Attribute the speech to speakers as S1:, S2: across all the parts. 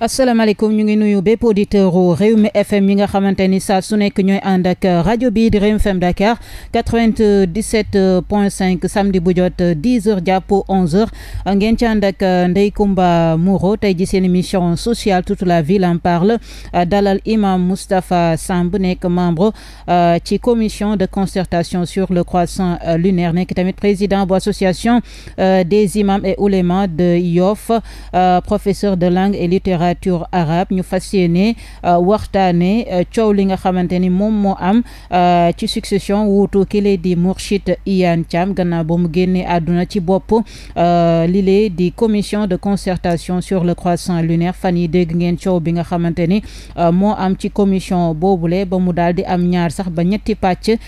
S1: asalaamaaleykum ñu ngi nuyu bépp auditeur u Rewmi FM yi nga xamante ni saa su nekk ñooy ànd rajo bii di Rewmi FM Dakar 97.5 samedi bu jot 10 heures jàpp 11 heures ngeen ci ànd ak Ndeye Comba Moreau tey ji seen émission sociale toute la ville en parle dalal imam Moustapha Samb nekk membre euh, ci commission de concertation sur le croissant euh, lunaire nekk tamit président bu association euh, des imams et oulémas de Yoff professeur de langue et littérature littérature arabe ñu fas yéene euh, waxtaane euh, coow li nga xamante ni moom moo am euh, ci succession wuutu ki lay di Mourchid Iyane Thiam ganna ba mu génnee àdduna ci bopp li lay di commission de concertation sur le croissant lunaire fan yi dégg ngeen coow bi nga xamante ni moo am ci commission boobule ba mu daal di am ñaar sax ba ñetti pàcc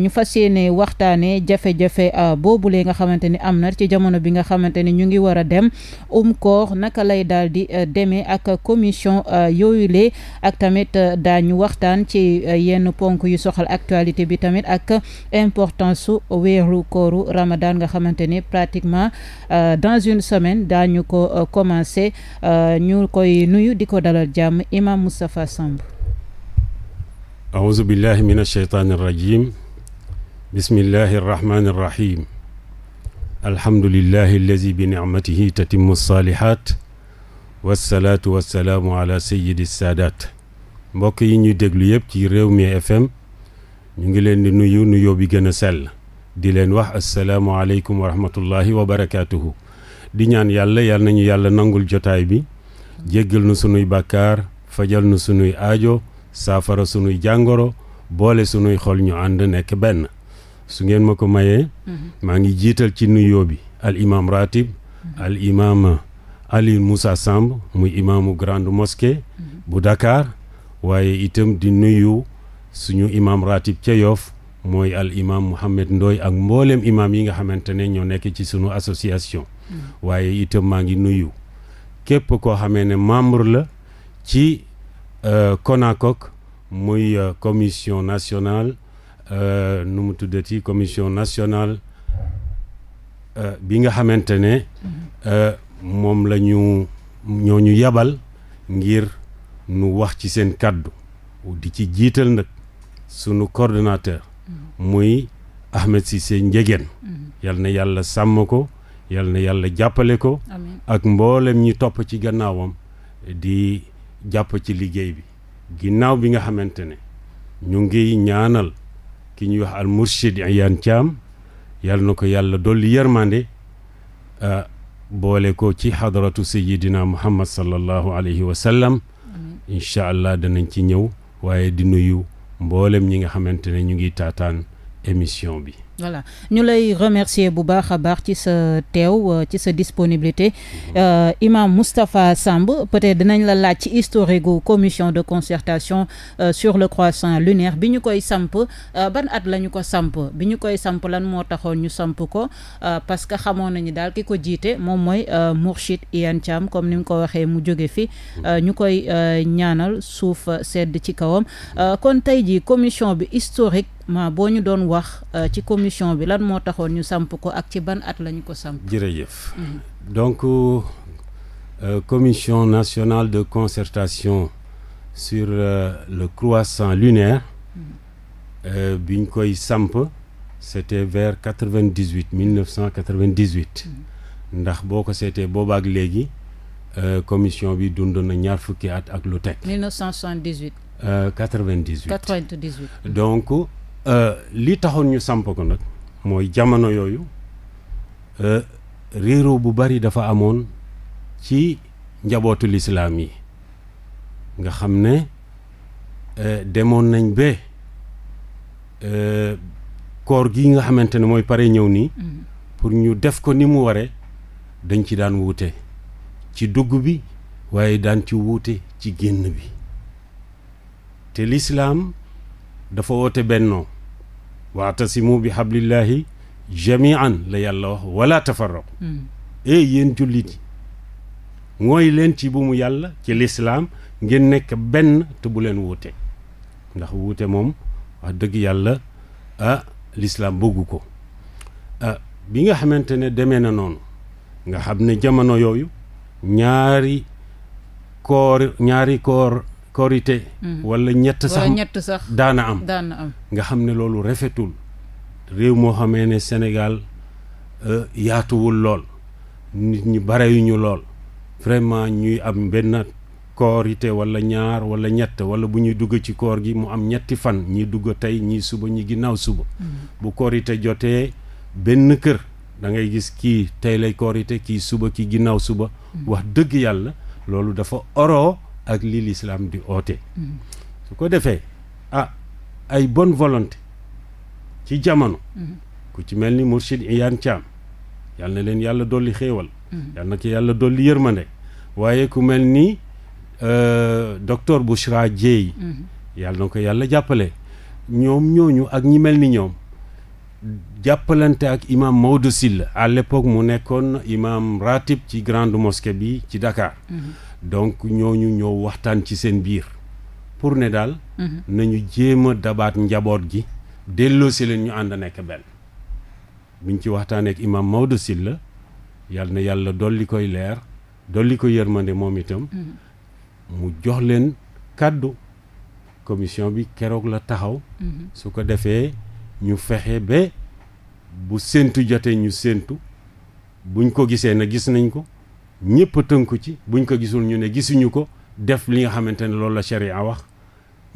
S1: ñu fas yéene waxtaane jafe-jafe boobule nga xamante ni am na ci jamono bi nga xamante ni ñu ngi war a dem um koor naka lay daal di demee ak commission euh, yooyule ak tamit euh, daañu waxtaan ci euh, yenn ponk yu soxal actualité bi tamit ak importance su weeru kooru Ramadan nga xamante ni pratiquement dans une semaine daañu ko commencé ñu koy nuyu di ko dalal jàmm Imam Moustapha Samb
S2: aousubillahi min alsheytaani irrajim bismillahi irrahmani irrahim alhamdulilahi allazi bi nicmatihi tatimu alsalihat wasalaatu wasalaamu ala sayidi saadaat mbokk yi ñuy déglu yëpp ci réew mi fm ñu ngi leen di nuyu nuyoo bi gën a sell di leen wax asalaamualeykum wa rahmatullahi wa barakaatuhu di ñaan yàlla yal nañu yàlla nangul jotaay bi jéggal nu sunuy bàkkaar fajal nu sunuy aajo saafara sunuy jàngoro boole sunuy xol ñu ànd nekk benn su ngeen ma ko mayee mm-hmm. maa ngi jiital ci nuyoo bi al imaam ratib mm-hmm. Aliou Moussa Samb muy imaamu grande mosquée bu Dakar waaye itam di nuyu suñu imaam ratib ca Yoff mooy al imaam Mouhamed Ndoy ak mboolem imaam yi nga xamante ne ñoo nekk ci sunu association mm. waaye itam maa ngi nuyu képp koo xamee ne membre la ci konakok euh, muy euh, commission nationale euh, nu mu tuddati commission nationale bi nga xamante ne mm-hmm. moom lañu ñu ñoo ñu yebal ngir nu wax ci seen kàddu di ci jiital nag sunu coordonnateur mm-hmm. muy Ahmed Cissé Ndiéguène mm-hmm. yal na yàlla sàmm ko yal na yàlla jàppale ko ak mboolem ñi topp ci gannaawam di jàpp ci liggéey bi ginnaaw bi nga xamante ne ñu ngi ñaanal ki ñuy wax al murshid Iyane Thiam yal na ko yàlla dolli yërmande ah, boole ko ci xadaratu sayidina muhammad sallallahu alayhi wa sallam incha allah danañ ci ñëw waaye di nuyu mboolem ñi nga xamante ne ñu ngi taataan émission bi.
S1: voilà ñu lay remercier bu baax a baax ci sa teew euh, ci sa disponibilité mhm. euh, Imam Moustapha Samb peut-être dinañ la laaj ci historique gu commission de concertation euh, sur le croissant lunaire bi ñu koy samp euh, ban at la ñu ko samp bi ñu koy samp lan moo taxoon ñu samp ko euh, parce que xamoon nañu daal ki ko jiite moom mooy Mourchid Iyane Thiam comme ni nga ko waxee mu jóge fi mhm. ñu koy ñaanal suuf sedd ci kawam kon tey ji commission bi historique ma boo ñu doon wax euh, ci commission bi lan moo taxoon ñu samp ko ak ci ban at la ñu ko samp
S2: jërëjëf mm-hmm. donc euh, commission nationale de concertation sur euh, le croissant lunaire mm-hmm. euh, bi ñu koy samp c'était vers quatre-vingt-dix-huit mille neuf cent quatre vingt mm-hmm. ndax boo ko seetee boobaak léegi commission bi dund na ñaar fukki at ak lu teg.
S1: 1978.
S2: 98. donc Euh, li taxoon ñu samp ko nag mooy jamono yooyu euh, réeroo bu bari dafa amoon ci njabootu lislaam yi nga xam ne euh, demoon nañ ba koor gi nga xamante ne mooy pare ñëw nii mm-hmm. pour ñu def ko ni mu ware dañ ci daan wuute ci dugg bi waaye daan ci wuute ci génn bi te lislaam dafa woote bennoo waatasimu bi hablillahi jamian la yàlla wax wala tafarraqu hmm. eh yéen jullit yi mooy leen ci bu yàlla ci lislaam ngeen nekk benn te bu leen wuute ndax wuute moom wax dëgg yàlla ah lislaam bëggu ko ah, bi nga xamante ne deme na noonu nga xam ne jamono yooyu ñaari koor ñaari koor korité mhm. walla ñett sax ñett sax daana am nga xam ne loolu rafetul réew moo xamee ne Sénégal euh, yaatuwul lool nit ñi bareyuñu lool vraiment ñuy am benn koorite wala ñaar wala ñett wala bu ñuy dugg ci koor gi mu am ñetti fan ñi dugg tey ñi suba ñi ginnaaw suba mhm. bu koorite jotee benn kër dangay gis kii tey lay koorite kii suba kii ginnaaw suba mhm. wax dëgg yàlla loolu dafa oroo ak li lislaam di oote mm. su ko defee a ah, ay bon volonté ci jamono mm. ku ci mel ni Mourchid Iyane Thiam yal na leen yàlla dolli xéewal mm. yal na ko yàlla dolli yërmande waaye ku mel ni euh, docteur Bouchra Dieye yàlla na ko yàlla jàppale ñoom ñooñu ak ñi mel ni ñoom jàppalante ak imam Maodo Sylla à mu nekkoon imam ratib ci grande mosquée bi ci Dakar mm-hmm. donc ñooñu ñoo waxtaan ci seen biir pour ne daal nañu jéem a dabaat njaboot gi delloosi leen ñu ànd nekk benn buñ ci waxtaaneek ak imam Maodo la yàlla na yàlla dolli koy leer dolli ko yërmande moom itam mu jox leen kàddu commission bi keroog la taxaw su ko defee ñu fexe ba bu séentu jotee ñu séentu buñ ko gisee na gis nañ ko ñëpp tënku ci buñ ko gisul ñu ne gisuñu ko def li nga xamante ne loolu la sharia wax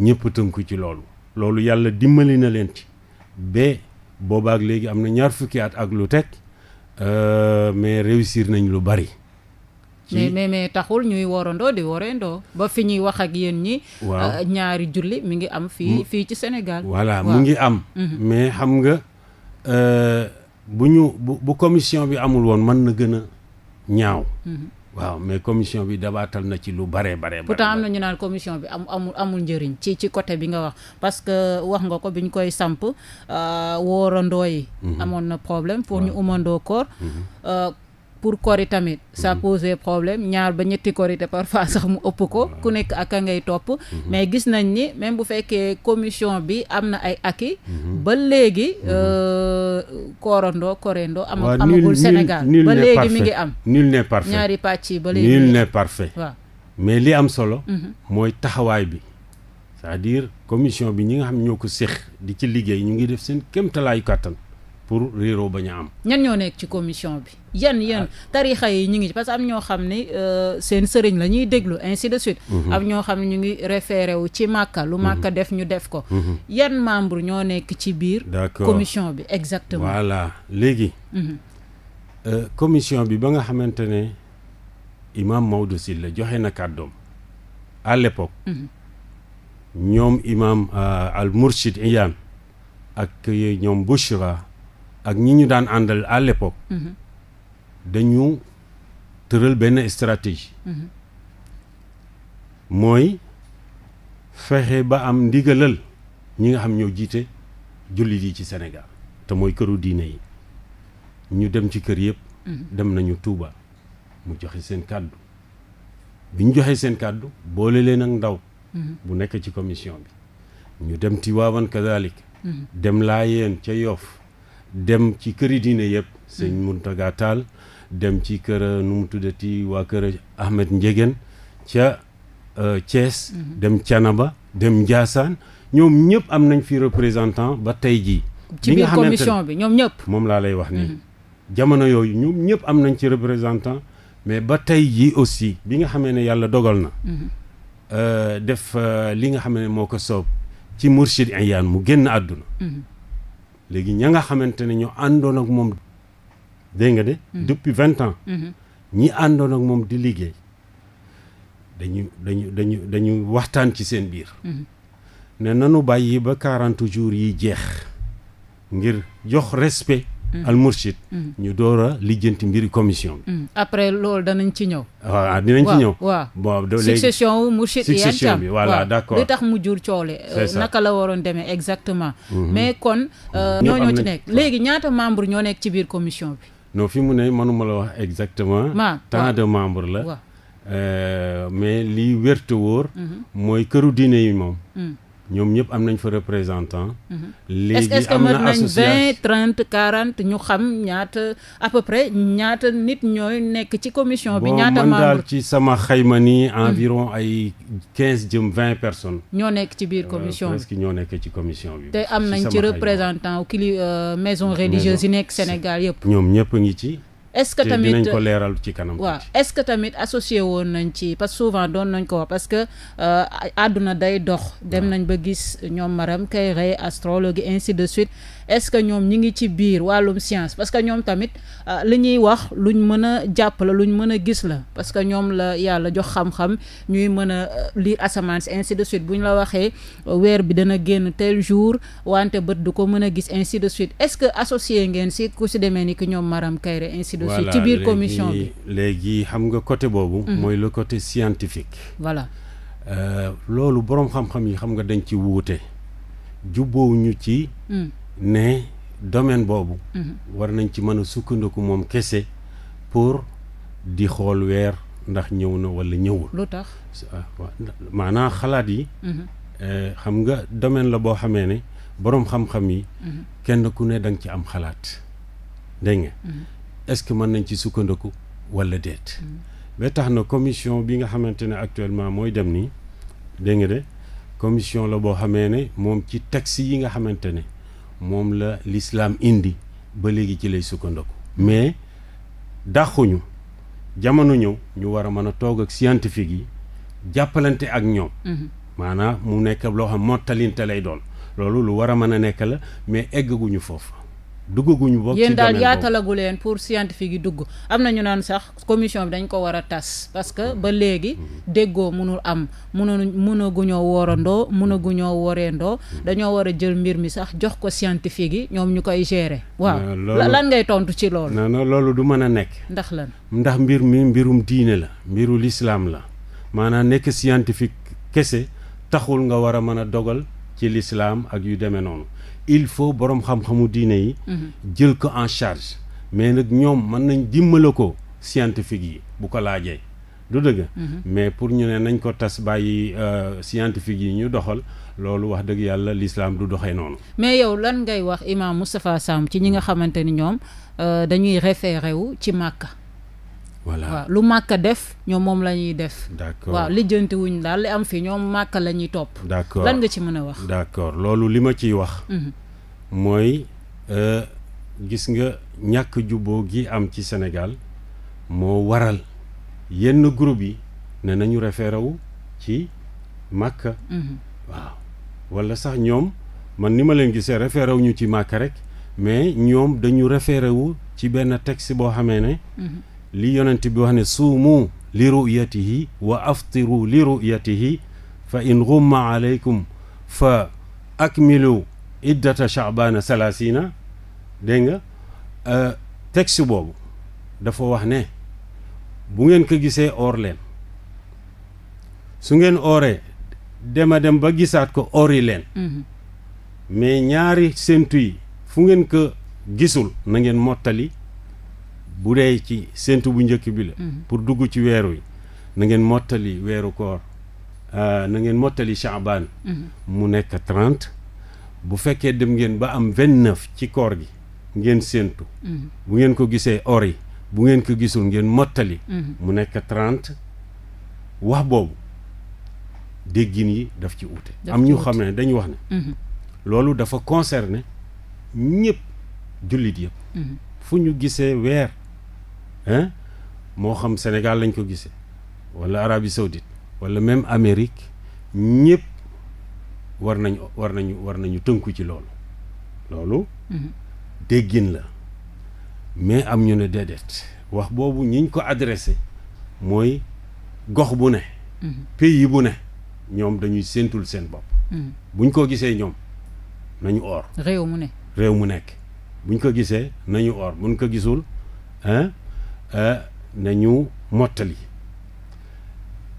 S2: ñëpp tënku ci loolu loolu yàlla dimbali na leen ci ba boobaak léegi am na ñaar fukki at ak lu teg euh, mais réussir nañ lu bari
S1: mais mais mais taxul ñuy worandoo di worandoo ba fi ñuy wax ak yéen ñi waaw euh, ñaari julli mi ngi am fii fii ci Sénégal voilà mu ngi am
S2: mhm. mais xam nga euh, bu ñu bu commission bi amul woon mën na gën a ñaaw. Mhm. waaw mais commission bi dabaatal na ci lu bare bare.
S1: pourtant am na ñu naan commission bi am amul amul njëriñ ci ci côté bi nga wax parce que wax nga ko bi ñu koy samp euh, woorandoo yi. Mhm. amoon na problème pour ñu umandoo koor. Mhm. Euh, pour kori tamit ça mm-hmm. posait problème ñaar ba ñetti korité parfois sax mu ëpp ko ku nekk ak a ngay topp mm-hmm. mais gis nañ ni même bu fekkee commission bi am na ay acquis mm-hmm. ba léegi euh, koorandoo korendoo am amagul Sénégal ba léegi mi ngi am
S2: nul n'est parfait ñaari pàcc
S1: yi ba léegi nul n'est
S2: parfait mais li am solo taxawaay bi c'est-à-dire bi ñi nga xam ñoo ko séq di ci liggéey ñu ngi def seen kéemtalaayu kàttan pour réeroo ba am.
S1: ñan ñoo nekk ci commission bi. yan yan ah. tarixa yi ñu ngi ci parce que am ñoo xam ne euh, seen sëriñ la ñuy déglu ainsi de suite. Mhm. am ñoo xam ne ñu ngi référé wu ci màkka lu màkka mhm. def ñu def ko. Mhm. yan membre ñoo nekk ci biir. d'accord commission bi exactement. voilà
S2: léegi. Euh, bi ba nga xamante ne imaam Maodo Sylla joxe na kàddoom à l'époque. ñoom imaam euh, al Mourchid Iyane ak ñoom Bouchra. ak ñi ñu daan àndal à l'époque mhm. dañu tëral benn stratégie mhm. mooy fexe ba am ndigalal ñi nga xam ñoo jiite jullit yi ci senegal te mooy këru diine yi ñu dem ci kër yëpp mhm. dem nañu tuuba mu joxe seen kàddu bi ñu joxee seen kàddu boole leen ak ndaw bu nekk ci commission bi ñu dem Tiwaawan kazalik dem Laayeen ca yoof dem ci këri diine yëpp mm. sëñ mun Tall dem ci kër euh, nu mu tuddati waa kër Ahmed Ndiéguène ca cees euh, mm-hmm. dem Thiénaba dem Ndiassane ñoom ñëpp am nañ fi représentant ba tey jii ci biir commission bi ñoom ñëpp moom laa lay wax nii mm-hmm. jamono yooyu ñoom ñëpp am nañ ci représentant mais ba tey jii aussi bi nga xamee ne yàlla dogal na mm-hmm. euh, def li nga xam ne moo ko soob ci Mourchid Iyane mu génn àdduna léegi ña nga xamante ne ñoo àndoon ak moom dégg nga de mm-hmm. depuis vingt ans mm-hmm. ñi àndoon ak moom di liggéey dañu dañu dañu dañu waxtaan ci seen biir mm-hmm. ne nanu bàyyi ba quarante jours yi jeex ngir jox respe Mm. almursid mm. ñu door a lijjanti mbir commission
S1: bi. Mm. après loolu danañ ci ñëw.
S2: waaw ah, dinañ ci ñëw. waaw bon succession wu mursid succession bi voilà d' accord li tax
S1: mu jur coole. Euh, naka la waroon demee exactement. Mhm. mais kon. Euh, ñooñoo ci nekk léegi ñaata membre ñoo nekk ci biir commission bi.
S2: non fi mu ne mënuma la wax exactement. ma tant de membres la. Euh, mais li wér te wóor. Mhm. mooy këru diine yi moom. ñoom ñëpp am nañ fa représentant. Mhm. léegi am na association est-ce nañ vingt
S1: trente quarante ñu xam ñaata à peu près ñaata nit ñooy nekk ci commission bi. ñaata membre man daal
S2: ci sama xayma nii mhm. environ ay quinze jëm vingt personnes.
S1: ñoo nekk ci biir commission
S2: bi ñoo nekk ci commission bi. te am nañ ci représentant
S1: kili euh, maison religieuse yi nekk Sénégal yëpp.
S2: ñoom ñëpp ngi ci. est-ce que tamit dinañ ko leeral ci kanam. waaw
S1: est-ce que tamit associé woon nañ ci parce que souvent doon nañ ko wax parce que euh, àdduna day dox. dem nañ ba gis ñoom Maram Kayré astrologue ainsi de suite est-ce que ñoom ñi ngi ci biir wàllum science parce que ñoom tamit ah, li ñuy wax luñ mën a jàpp la luñ mën a gis la parce que ñoom la yàlla jox xam-xam ñuy mën a euh, lire asamaan si ainsi de suite bu ñu la waxee euh, weer bi dana génn tel jour wante bët du ko mën a gis ainsi de suite est-ce que associé ngeen si ku si demee ni ki ñoom Maram Kayre ainsi de suite ci biir commission bi
S2: léegi xam nga côté boobu mhm. mooy le côté scientifique voilà euh, loolu boroom xam-xam yi xam nga dañ ci wuute jubboowuñu ci mm. ne domaine boobu. Mhm. war nañ ci mën a sukkandiku moom kese pour di xool weer ndax ñëw na walla ñëwul. lu tax ah, maanaam xalaat yi. Mhm. Eh, xam nga domaine la boo xamee ne boroom xam-xam yi. Mhm. kenn ku ne da nga ci am xalaat dégg nga. ce que mën nañ ci sukkandiku walla déet. ba tax na commission bi nga xamante ne actuellement mooy dem nii dégg nga de commission la boo xamee ne moom ci texte yi nga xamante ne. moom la lislaam indi ba léegi ci lay sukkandiku mais dàquñu jamono ñëw ñu war a mën a toog ak scientifique yi jàppalante ak ñoom mhm. maanaam mu nekk loo xam mottalinte lay doon loolu lu war a mën a nekk la mais eggaguñu foofu duggaguñu bokk yéen daal yaatalagu
S1: leen pour scientifique yi dugg am na ñu naan sax commission bi dañ ko war a tas parce que ba léegi mm-hmm. Mm-hmm. déggoo mënul am mënul mënaguñoo woorandoo mënaguñoo woreendoo mm-hmm. dañoo war a jël mbir mi sax jox ko scientifique yi ñoom ñu koy gérer waaw lan ngay tontu ci loolu
S2: non loolu du mën a nekk ndax lan ndax mbir mi mbirum diine la mbiru lislaam la maanaam nekk scientifique kese taxul nga war a mën a dogal ci lislaam ak yu demee noonu il faut borom xam-xamu diine yi. Mhm. jël ko en charge mais nag ñoom mën nañ dimbale ko scientifique yi bu ko laajee. du dëgg. Mhm. mais pour ñu ne nañ ko tas bàyyi euh, scientifique yi ñu doxal loolu wax dëgg yàlla l'islam du doxee noonu.
S1: mais yow lan ngay wax imam Moustapha Samb ci ñi nga xamante ni ñoom euh, dañuy référé wu ci Màkka. voilà waaw lu màkk def ñoom moom la ñuy def. d'accord waaw lijjanti daal li am fii ñoom màkk la ñuy topp. d'accord lan nga ci mën a wax.
S2: d'accord loolu li ma ciy wax. Mhm. mooy euh, gis nga ñàkk juboo gi am ci senegal moo waral yenn groupe yi ne nañu référé ci màkk. Mhm. waaw sax ñoom man ni ma leen gisee référé ñu ci màkk rek mais ñoom dañu référé ci benn texte boo xamee ne. Mhm. li yonent bi wax ne suumu li ruyatihi wa aftiru li ruyatihi fa in ghumma aleykum fa akmilu iddata chaabana salaasina de nga euh, texte boobu dafa wax ne bu ngeen ko gisee oor leen su ngeen ooree dema dem ba gisaat ko oori leen mhm. mais ñaari séntu yi fu ngeen ko gisul na ngeen mottali bu dee ci séntu bu njëkk bi la. Mhm. pour dugg ci weer wi na ngeen mottali weeru koor euh, na ngeen mottali Chaabaan. Mhm. mu nekk trente. bu fekkee dem ngeen ba am vingt ci koor gi ngeen séentu mhm. bu ngeen ko gisee or bu ngeen ko gisul ngeen mottali. mu nekk trent wax boobu déggin yi daf ci uute. am ñu xam ne dañu wax ne. loolu dafa concerné ñëpp jullit yëpp. fu ñu gisee weer. moo xam Sénégal lañ ko gisee wala Arabie Saoudite wala même Amérique ñëpp war nañ war nañu war nañu tënku ci loolu loolu mhm. déggin la mais am ñu ne déedéet wax boobu ñiñ ko adressé mooy gox bu ne mhm. pays bu ne ñoom dañuy séentul seen bopp mhm. buñ ko gisee ñoom nañu or réew mu ne réew mu nekk buñ ko gisee nañu or buñ ko gisul Eh, nañu mottali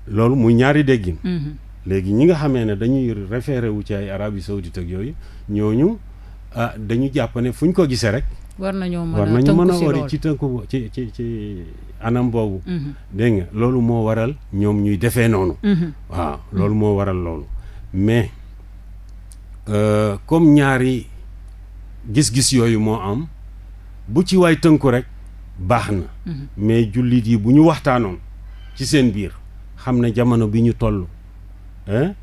S2: loolu muy ñaari déggin mhm. léegi ñi nga xamee ne dañuy référé wu ci ay Arabie Saoudite ak yooyu ñooñu ah dañu jàpp ne fu ñu ko gisee rek
S1: war nañoo mën a mën a wari ci
S2: tënku ci ci ci anam boobu mhm. dégg nga loolu moo waral ñoom ñuy defee noonu mhm. waaw loolu moo waral loolu mais euh, comme ñaari gis-gis yooyu moo am bu ci waay tënku rek baax na mhm. mais jullit yi bu ñu waxtaanoon ci seen biir xam na jamono bi ñu toll euh,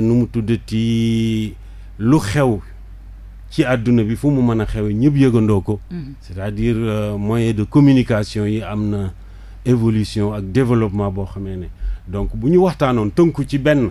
S2: nu mu tuddati lu xew ci àdduna bi fu mu mën a xew ñëpp yëgandoo ko mhm. c'est-à-dire euh, moyen de communication yi am na évolution ak développement boo xamee ne donc bu ñu waxtaanoon tënku ci benn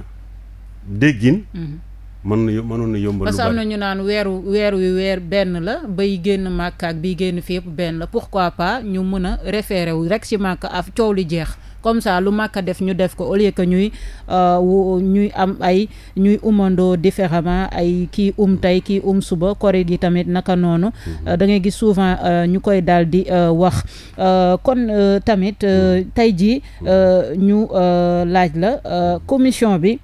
S2: déggin mhm. mën na mënoon na yombal parce na
S1: ñu naan weeru weer wi weer benn la bay génn màkk bi génn fii yëpp benn la pourquoi pas ñu mën a référé wu rek si màkk af coow lu jeex comme ça lu màkk def ñu def ko au lieu que ñuy euh, ñuy am ay ñuy umandoo différemment ay kii um tey kii um suba kori gi tamit naka noonu mhm. euh, da ngay gis souvent euh, ñu koy daal di wax kon tamit mhm. tey ji mhm. ñu laaj la commission bi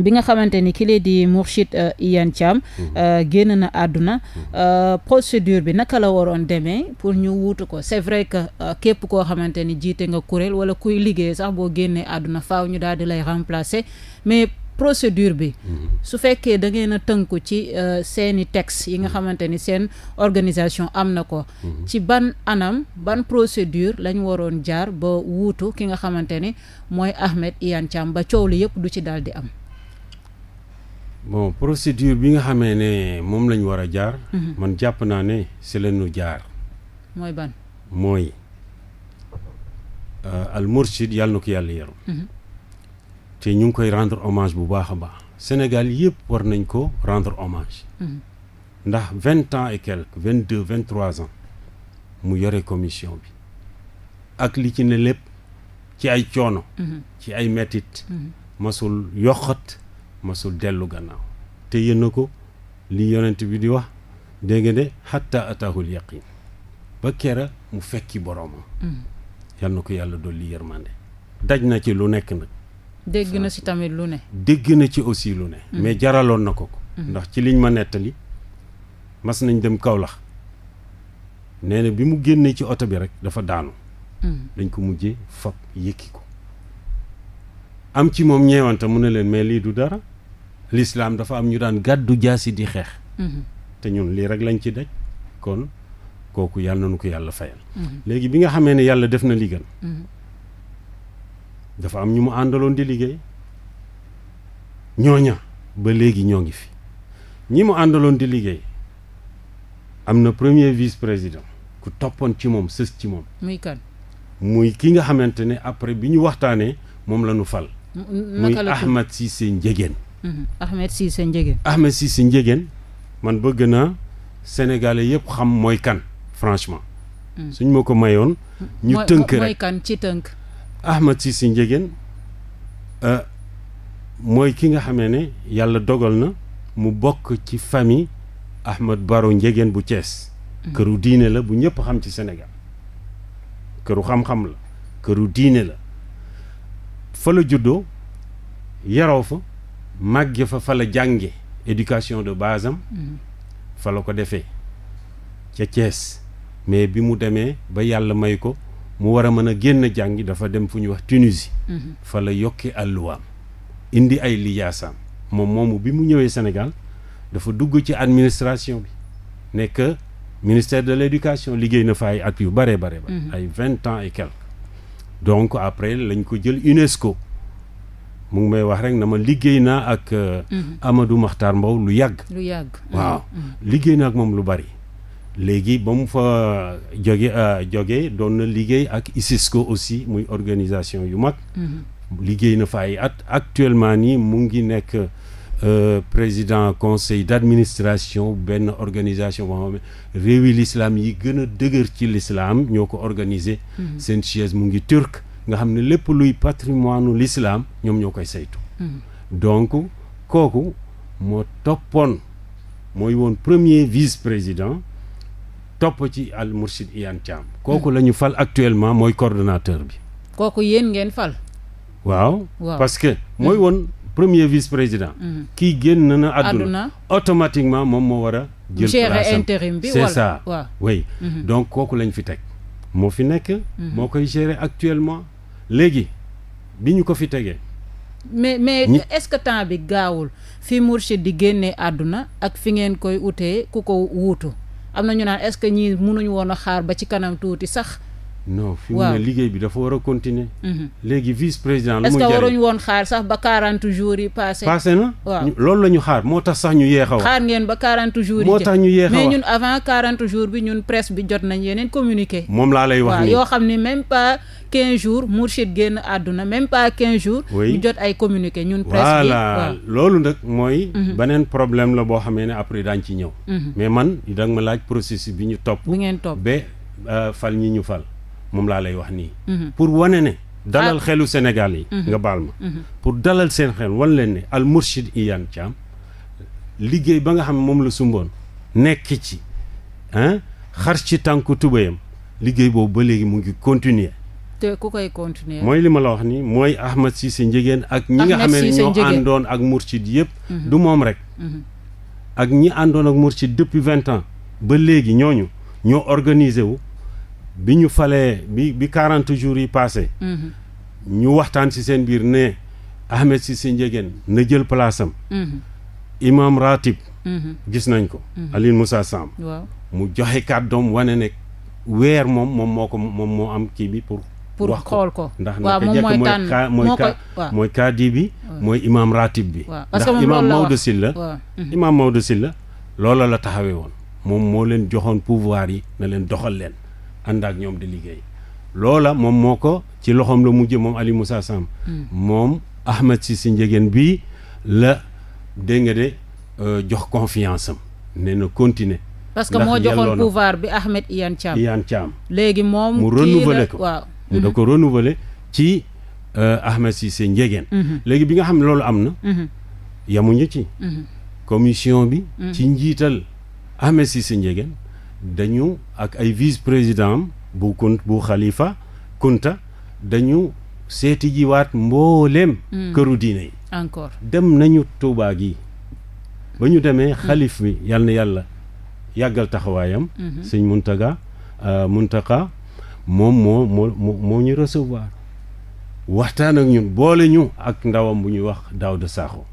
S1: bi nga xamante ni ki di Mourchid euh, Iyane Thiam mhm. euh, génn na àdduna mhm. euh, procédure bi naka la waroon demee pour ñu wuutu ko c'est vrai que képp koo xamante ni jiite nga kuréel wala kuy liggéey sax boo génnee àdduna faaw ñu daal di lay remplacer mais procédure bi mhm. su fekkee da ngeen a tënku ci seeni text yi nga xamante ni seen organisation am na ko ci ban anam ban procédure lañ waroon jaar ba wuutu ki nga xamante ni mooy Ahmed Iyane Thiam ba coow li yëpp du ci daal di am
S2: bon procédure bi nga xamee ne moom lañ war a jaar. Mhm. man jàpp naa ne si la ñu jaar. mooy ban mooy euh, al mursid yàlla na ko yàlla yaru mhm. te ñu ngi koy rendre hommage bu baax a baax. Sénégal yëpp war nañ ko rendre hommage. Mhm. ndax vingt ans et quelques vingt deux vingt trois ans mu yore commission bi ak li ci ne lépp ci ay coono. ci ay mettit masul yoxat masul dellu gannaaw te na ko li yonent bi di wax dégg de xatta atahul yaqin ba kera mu fekki boroomam mm. yal na ko yàlla dolli yërmande daj na ci lu nekk nag
S1: dégg na ci tamit lu ne
S2: dégg ci aussi lu ne mm. mais jaraloon na ko ko mm. ndax ci liñ ma nettali mas nañ dem Kaolack nee na bi mu génnee ci oto bi rek dafa daanu dañ ko mujjee fab yëkki ko am ci moom ñeewante mu ne leen mais lii du dara lislaam dafa am ñu daan gàddu jaasi di xeex mhm. te ñun lii rek lañ ci daj kon kooku yàlla nañu ko yàlla fayal mhm. léegi bi nga xamee ne yàlla def na li gën mhm. dafa am ñu mu àndaloon di liggéey ñooña ba léegi ñoo ngi fi ñi mu àndaloon di liggéey am na premier vice président ku toppoon ci moom sës ci moom muy kan muy ki nga xamante ne après bi ñu waxtaanee moom la ñu fal
S1: muy Ahmad
S2: Cissé Ndiéguène
S1: Mm-hmm. Ahmed Cissé Ndiéguène
S2: Ahmed Cissé Ndiéguène man bëgg naa sénégalais yëpp xam mooy kan franchement mm. suñ ma ko mayoon ñu tënk rek mooy
S1: kan ci tënk
S2: Ahmed Cissé Ndiéguène euh, mooy ki nga xamee ne yàlla dogal na mu bokk ci famille Ahmed Baro Ndiéguène bu Thiès mm-hmm. këru diine la bu ñëpp xam ci Sénégal këru xam-xam la këru diine la fa la juddoo yaroo fa màgge fa fa la jànge éducation de base am mm-hmm. fa la ko defee ca Thiès mais bi mu demee ba yàlla may ko mu war a mën a génn jàngi dafa dem fu ñuy wax Tunisie mm-hmm. fa la yokki àlluwaam indi ay liyaasaam moom moomu bi mu ñëwee Sénégal dafa dugg ci administration bi nekk ministère de l'éducation liggéey na fa ay at yu bare bare ba mm-hmm. ay vingt ans et quelques donc après lañ ko jël UNESCO mu ngi may wax rek na ma liggéey na ak. Euh, mhm. amadu Makhtar Mbow lu yàgg.
S3: yàgg waaw mhm. Mhm.
S2: liggéey na ak moom lu bari. léegi ba mu fa jóge euh, jóge doon na liggéey ak ISISCO aussi muy organisation yu mag. liggéey na fa ay at actuellement nii mu ngi nekk euh, président conseil d'administration benn organisation réewi l'islam yi gën a dëgër ci lislaam ñoo ko organisé. seen siège mu ngi turc. nga xam ne lépp luy patrimoine l'islam ñoom ñoo koy saytu hmm. donc kooku moo toppoon mooy woon premier vice président topp ci al Mourchid Iyane Thiam kooku hmm. la ñu fal actuellement mooy coordonnateur bi
S1: kooku yéen ngeen fal
S2: waaw parce que hmm. mooy woon premier vice président kii génn na àdduna automatiquement moom moo war a jël gérer intérim bi c'est ça waaw oui kooku lañ fi teg moo fi nekk moo koy gérer actuellement léegi bi ñu ko fi tegee.
S1: mais mais Ni... est-ce que temps bi gaawul fi Mourchid di génnee àdduna ak fi ngeen koy utee ku ko wuutu am na ñu naan est-ce que ñii mënuñu woon a xaar ba ci kanam tuuti sax.
S2: non fi mu ne liggéey bi dafa war a continuer mhm. léegi vice président lu mu jëriñ est-ce que
S1: woon xaar sax ba 40 jours yi passé na
S2: loolu la ñu xaar moo tax sax ñu yeexaw xaar
S1: ngeen ba 40 jours moo tax ñu yeexaw mais ñun avant bi ñun presse bi jot nañ yeneen communiqué moom laa lay wax nii yoo xam ne même pas 15 jours Mourchid génn àdduna même pas quinze jours ñu jot ay communiqué ñu presse bi voilà
S2: loolu nag mooy mhm. beneen problème la boo xamee ne après daañ ci ñëw mhm. mais man bi ñu topp bi ngeen topp ba euh, fal ñi ñu fal moom laa lay wax nii. Mhm. pour wane ne. dalal ah. xelu Sénégal yi. Mhm. nga baal ma. Mhm. pour dalal seen xel wan leen ne al murshid Iyane Thiam liggéey ba nga xam ne moom la sumboon nekk ci ah xar ci tànku tubéyam liggéey boobu ba léegi mu ngi continuer
S1: te ku koy mooy
S2: li ma la wax nii mooy Ahmed Cissé Ndiéguène ak ñi nga xamee ne ñoo àndoon ak murshid yëpp. du moom rek. ak ñi àndoon ak murshid depuis vingt ans ba léegi ñooñu ñoo organiser wu. bi ñu falee bi bi quarante jours yi passé mhm. ñu waxtaan ci seen biir ne Ahmed Cissé Ndiéguène na jël place am mhm. ratib mhm. gis nañ ko Aline Moussa Samb mu joxe kàddoom wane ne weer moom moom moo ko moom moo am kii bi pour pour xool ko ndax naka jekk mooy kaa mooy kaa mooy bi mooy imaam ratib bi ndax imaam Maodo Sylla imaam Maodo Sylla loola la taxawe woon moom moo leen joxoon pouvoir yi na leen doxal leen ànd ak ñoom de liggéey loola moom moo ko ci loxoom la mujjee moom Aliou Moussa Samb mm. moom Ahmed si si njegéen bii la dégg nga de euh, jox confiance am nee na continuer parce que moo joxoon pouvoir
S1: bi Ahmed Iyane Thiam Iyane Thiam léegi moom mu renouveler ko mu da
S3: mm-hmm. ko
S2: renouveler ci euh, Ahmed Cissé Ndiéguène mm-hmm. léegi bi nga xam ne loolu am na mm-hmm. yamuñu ci commission bi mm. ci njiital Ahmed Cissé Ndiéguène dañu ak ay vice président am bu kun bu xalifa Kunta dañu seeti jiwaat mbooleem. Hmm. këru diine yi. encore dem nañu Touba gi ba ñu demee hmm. xalifa bi yal yàlla yàggal taxawaayam. Hmm. sëñ Muntaga euh, Muntaka moom moo moo moo ñu recevoir waxtaan ak ñun boole ñu ak ndawam bu ñuy wax Daouda Sakho.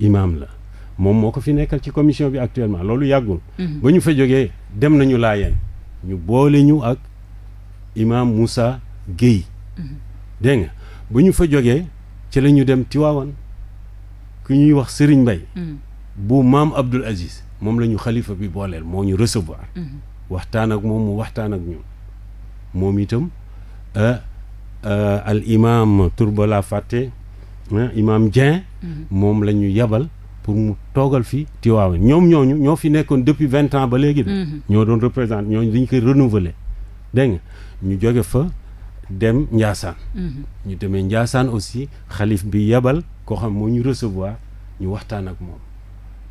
S2: imaam la. moom moo ko fi nekkal ci commission bi actuellement loolu yàggul. Mhm. ba ñu fa jógee dem nañu laayeen ñu boole ñu ak imaam Moussa Guèye. Mhm. dégg nga ba ñu fa jógee ci la ñu dem Tiwaawan ku ñuy wax Serigne Mbaye. Mhm. bu maam Abdoul Aziz moom la ñu xalifa bi booleel moo ñu recevoir. waxtaan ak moom mu waxtaan ak ñun moom itam euh, euh, al imam Tourbala fàtte imaam Dieng. moom la ñu yabal. pour mu toogal fi Tiwaawan ñoom ñooñu ñoo fi nekkoon depuis vingt ans ba léegi de mhm. ñoo doon représenté ñooñu dañu koy renouveler dégg nga ñu jóge fa dem Njaasaan mhm. ñu demee Njaasaan aussi xalif bi yebal koo xam moo ñu recevoir ñu waxtaan ak moom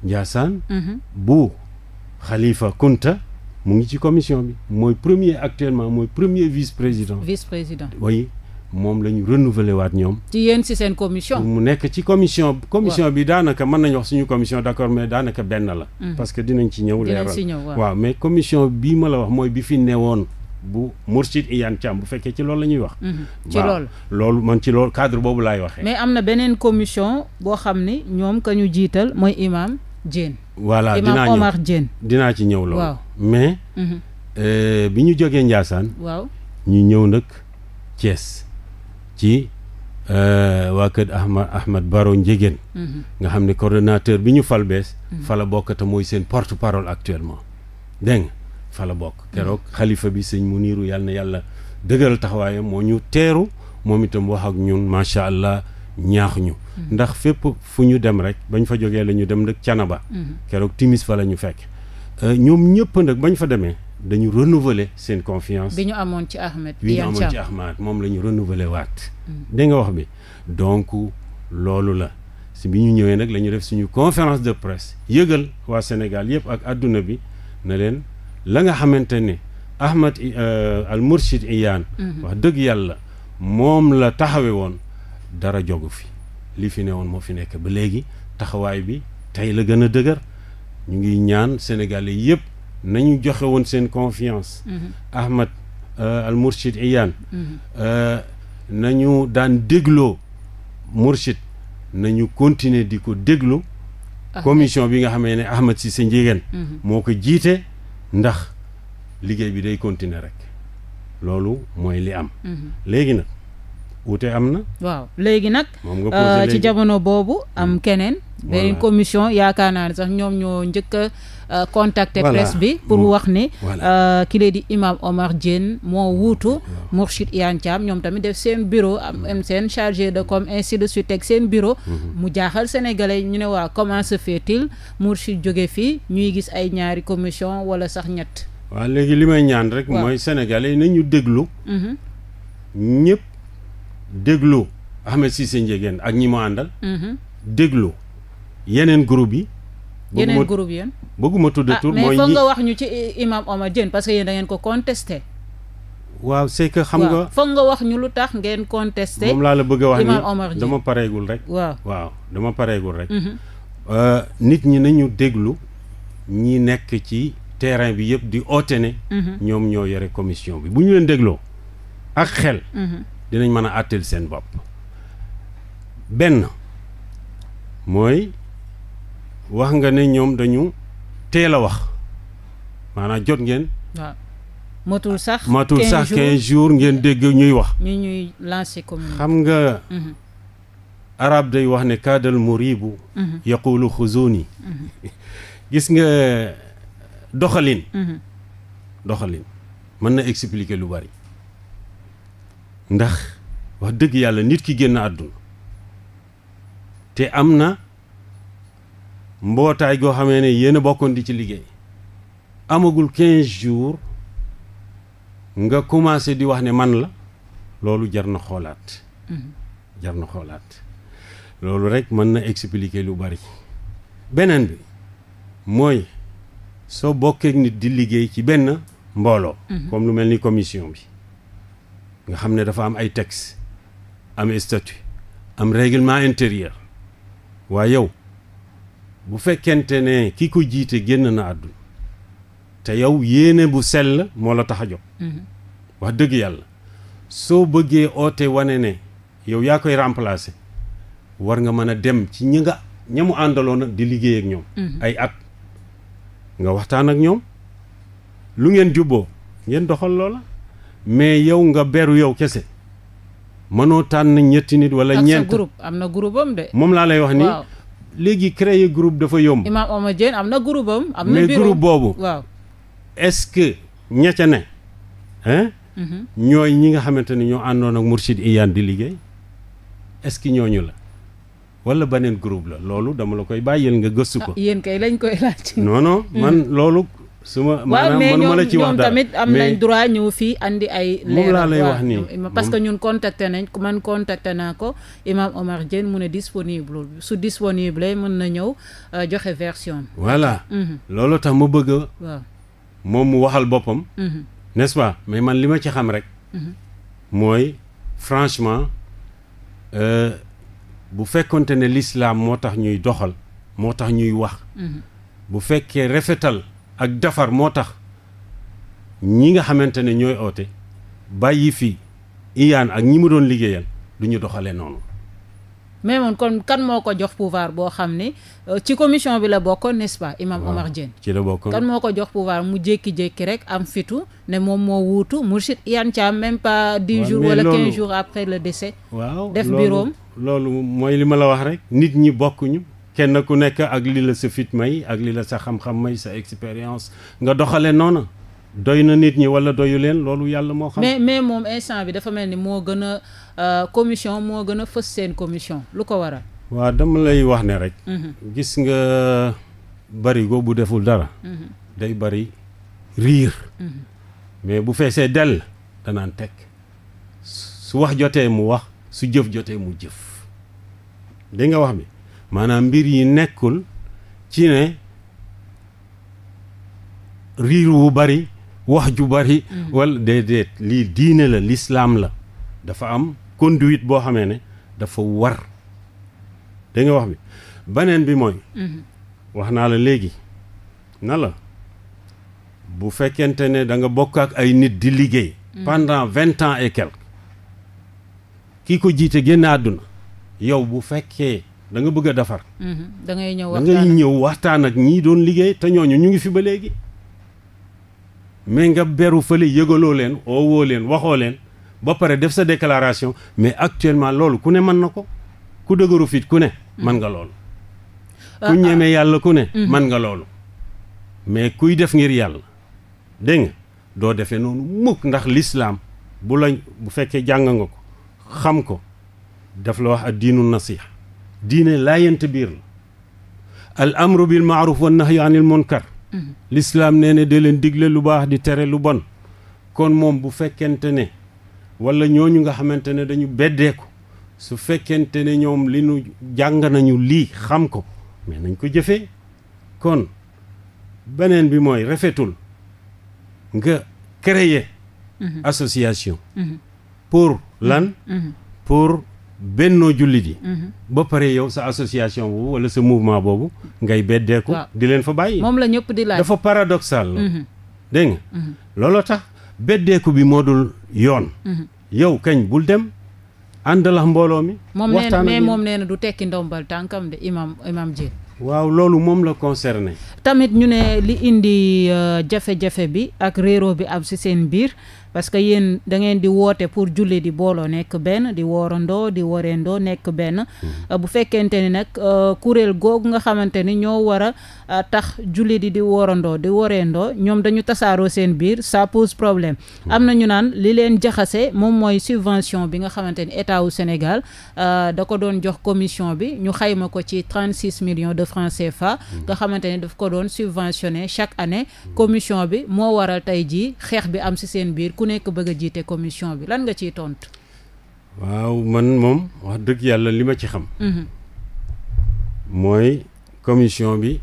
S2: Njaasaan mhm. bu xalifa Kunta mu ngi ci commission bi mooy premier actuellement mooy premier vice président
S1: vice président
S2: moom la ñu renouveler waat ñoom.
S1: ci yéen si seen commission.
S2: mu nekk ci commission. commission bi daanaka mën nañ wax suñu commission d'accord mais daanaka benn la. Mm. parce que dinañ ci ñëw. leeral waaw mais commission bii ma la wax mooy bi fi newoon. bu Mourchid Iyane Thiam bu fekkee ci loolu la ñuy wax.
S1: Mm-hmm. ci loolu
S2: loolu man ci loolu cadre boobu laay waxee.
S1: mais am na beneen commission boo xam ne ñoom ka ñu jiital mooy imam Diène. voilà dinaa ñëw imam Omar Diène. dinaa ci ñëw loolu.
S2: mais. Mm-hmm. Euh, bi ñu jógee Ndiassane. ñu ñëw nag Thiès. ci euh, waa kër Ahmad Ahmad Baro Ndiéguène mhm. nga xam ne coordonnateur bi ñu fal bees mhm. fala bokk mooy seen porte parole actuellement dégg nga fala bokk mhm. keroog xalifa bi sëñ niiru yàlla na yàlla dëgëral taxawaayam moo ñu teeru moom itam wax ak ñun macha allah ñaax ñu ndax fépp fu ñu dem rek bañ fa jógee la ñu dem nag Canaba keroog timis fa la ñu fekk euh, ñoom ñëpp nag bañ fa demee dañu renouveler seen confiance. bi
S1: ñu amoon ci Ahmed. bi ñu amoon ci Ahmed
S2: moom la ñu renouveler waat. Mm. dégg nga wax bi donc loolu la si bi ñu ñëwee nag la def suñu conférence de presse yëgal waa Sénégal yëpp ak adduna bi na leen la nga xamante ni Ahmed euh, al Mourchid Iyane. Mm-hmm. wax dëgg yàlla moom la taxawe woon dara jogu fi li fi ne woon moo fi nekk ba léegi taxawaay bi tey la gën a dëgër ñu ngi ñaan sénégalais yëpp. nañu joxe woon seen confiance. Mhm. Ahmad euh, al Mourchid Iyaan. Mhm. Euh, nañu daan dégloo Mourchid nañu continuer di ko déglu. commission bi nga xamee ne Ahmad Cissé Ndiéguène. Mhm. moo ko jiite ndax liggéey bi day continuer rek loolu mooy li am. léegi nag. wuute am na.
S1: waaw léegi nag. Euh, ci jamono boobu am hmm. keneen. beneen commission yaakaar naa ne sax ñoom ñoo njëkk a euh, contacter bi pour wax ni euh, ki lee di imam Omar Diène moo wuutu Mourchid Iyane Thiam ñoom tamit def seen bureau am hmm. seen chargé de comme ainsi de suite seen bureau hmm. mu jaaxal sénégalais ñu ne waa comment se fait-il jóge fii ñuy gis ay ñaari commission wala sax ñett
S2: waaw léegi li may ñaan rek mooy sénégalais ñu déglu mm-hmm. ñëpp dégloo Ahmed Cissé Ndiégène ak ñi mu àndal. Mhm. dégloo yeneen groupe yi.
S1: yeneen groupe yéen
S2: bëgguma tudd ah, tur mooy mais foog nga wax
S1: ñu ci imam Omar Diène parce que dangeen ko contesté.
S2: waaw c'est que xam nga
S1: foog nga wax ñu lu tax ngeen contesté. moom laa
S2: la bëgg a wax ni dama pareegul rek. waaw waaw dama pareegul rek. Mhm. Euh, nit ñi nañu déglu ñi nekk ci terrain bi yëpp di oote ne. Mhm. ñoom ñoo yore commission bi bu ñu leen dégloo ak xel. dinañ mën a àtteel seen bopp benn mooy wax nga ne ñoom dañu teel a wax maanaa jot ngeen.
S1: waaw matul sax. 15 jours matul sax 15 jours ngeen
S2: dégg ñuy wax.
S1: ñu ñuy lancer xam
S2: nga. Mhm. arab day wax ne kaadal muribu mhm. yaqulu xuzuni mhm. gis nga doxalin. doxalin mën na expliquer lu bari. ndax wax dëgg yàlla nit ki génn àdduna te am na mbootaay goo xamee ne yéen a bokkoon di ci liggéey amagul quinze jours nga commencé di wax ne man la loolu jar na xoolaat mm-hmm. jar na xoolaat loolu rekk mën na expliquer lu bari beneen bi mooy soo bokkee nit di liggéey ci benn mbooloo mm-hmm. comme lu mel ni commission bi nga xam ne dafa am ay tex am statut am réglement intérieur waa yow bu fekkente ne ki ko jiite génn na àdduna te yow yéene bu sell moo la tax a jóg mhm. wax dëgg yàlla soo bëggee oote wane ne yow yaa koy remplacer war nga mën a dem ci ñi nga ña mu àndaloon nag di liggéey ak ñoom mhm. ay at nga waxtaan ak ñoom lu ngeen jubboo ngeen doxal loola mais yow nga beru yow kese mënoo tànn ñetti nit wala ñeent
S1: groupe am na groupe am de moom laa lay wax ni waaw.
S2: léegi créer groupe dafa yomb
S1: Imam Omar Diène am na groupe am am na mais groupe boobu waaw
S2: est-ce que ña ne hein mhm. ñooy ñi nga xamante ni ñoo àndoon ak Mourchid Iyane di liggéey est-ce que ñooñu la wala beneen groupe la loolu dama la koy bàyyil nga gëstu ko. Ah,
S1: yéen lañ koy
S2: man mhm. loolu su ma maanaam mënuma la ci wax tamit am nañ
S1: droit ñëw fii andi ay. moom laa lay wax nii parce que ñun contacter nañ man contacter naa ko Imam Omar Diène mu ne disponible su disponible mën na ñëw euh, joxe version voilà mhm.
S2: loolu tax ma bëgg moom mu waxal boppam. Mhm. n'est-ce mais man li ma ci xam rek. Mhm. mooy franchement euh, bu fekkonte ne lislaam moo tax ñuy doxal moo tax ñuy wax. bu fekkee rafetal. ak defar moo tax ñi nga xamante ne ñooy oote bàyyi fi iyaan ak ñi mu doon liggéeyal du ñu doxalee noonu.
S1: mais moom kon kan moo ko jox pouvoir boo xam ne euh, ci commission bi la bokkoon n'est-ce pas imam Omar Diène ci la bokk kan moo ko jox pouvoir mu jékki-jékki rek am fitu ne moom moo wuutu Mourchid Iyane Thiam même pas dix jours wala quinze jours après la décès
S2: waaw def bureau am loolu mooy li ma la wax rek nit ñi bokkuñu kenn ku nekk ak li la sa fit may ak li la sa xam-xam may sa expérience nga doxale noonu doy na nit ñi wala doyu leen loolu yàlla moo xam. mais
S1: mais moom instant bi dafa mel ni moo gën a euh, commission moo gën a fës seen commission lu ko waral.
S2: waa dama lay wax ne rek. Mhm. gis nga barigo bu deful dara. Mhm. day bari riir. Mhm. mais bu feesee dell danaan teg su wax jotee mu wax su jëf jotee mu jëf dégg wax bi. maanaam mbir yi nekkul ci ne riir wu bari wax ju bari mm-hmm. wala déedéet lii diine la lislaam la dafa am conduite boo xamee ne dafa war danga wax bi beneen bi mooy mm-hmm. wax naa la léegi na la bu fekkente ne danga nga bokk ak ay nit di liggéey mm-hmm. pendant vingt ans et quelque kii ko jiite génn àdduna yow bu fekkee da nga bëgg a defar.
S1: Mhm. da ngay ñëw waxtaan da
S2: ñëw waxtaan ak ñii doon liggéey te ñooñu ñu ngi fi ba léegi. mais nga beru fële yëgaloo leen oowoo leen waxoo leen ba pare def sa déclaration mais actuellement loolu ku ne mën na ko ku dëgëru fit ku ne mhm. mën nga loolu. Ah, ku ah. ñeme yàlla ku ne. Mhm. mën nga loolu. mais kuy def ngir yàlla dégg nga doo defee noonu mukk ndax lislaam bu lañ bu fekkee jàng nga ko xam ko daf la wax ak diinu nasiha. diine laayante biir la al amru bil maaruf wa nahyu anil mhm. lislaam nee ne da digle lu baax di tere lu bon kon moom bu fekkente ne walla ñoo ñu nga xamante ne dañu beddeeku su fekkente ne ñoom li nu jàng nañu lii xam ko mais nañ ko jëfee kon beneen bi mooy rafetul nga créer mhm. association mhm. pour lan pour bennoo jullit yi. Mhm. ba pare yow sa association boobu wala sa mouvement boobu ngay beddeeku. di leen fa bàyyi. moom
S1: la ñëpp di laaj dafa
S2: paradoxal. Mhm. dégg nga. Mhm. looloo tax beddeeku bi moo dul yoon. yow kañ bul dem. àndalax mbooloo mi. waxtaan mais moom
S1: nee na du tekki ndombal tànkam de imam imam ji
S2: waaw loolu moom la concerné.
S1: tamit ñu ne li indi euh, jafe-jafe bi ak réeroo bi ab si seen biir. parce que yéen da ngeen di woote pour julli di booloo nekk benn di woorandoo di woreendoo nekk benn mhm. euh, bu fekkente ni nag euh, kuréel googu nga xamante ni ñoo war a euh, tax julli di di woorandoo di woreendoo ñoom dañu tasaaroo seen biir ça pose problème mhm. am na ñu naan li leen jaxase moom mooy subvention bi nga xamante ni état wu Sénégal da ko doon jox commission bi ñu xayma ko ci trente six million de francais fa mhm. nga xamante ni daf ko doon subventionné chaque année commission bi moo waral tey jii xeex bi am si seen biir ku nekk bëgg a jiite commission bi lan nga ciy tontu.
S2: waaw man moom wax dëgg yàlla li ma ci xam. Mhm. mooy commission bi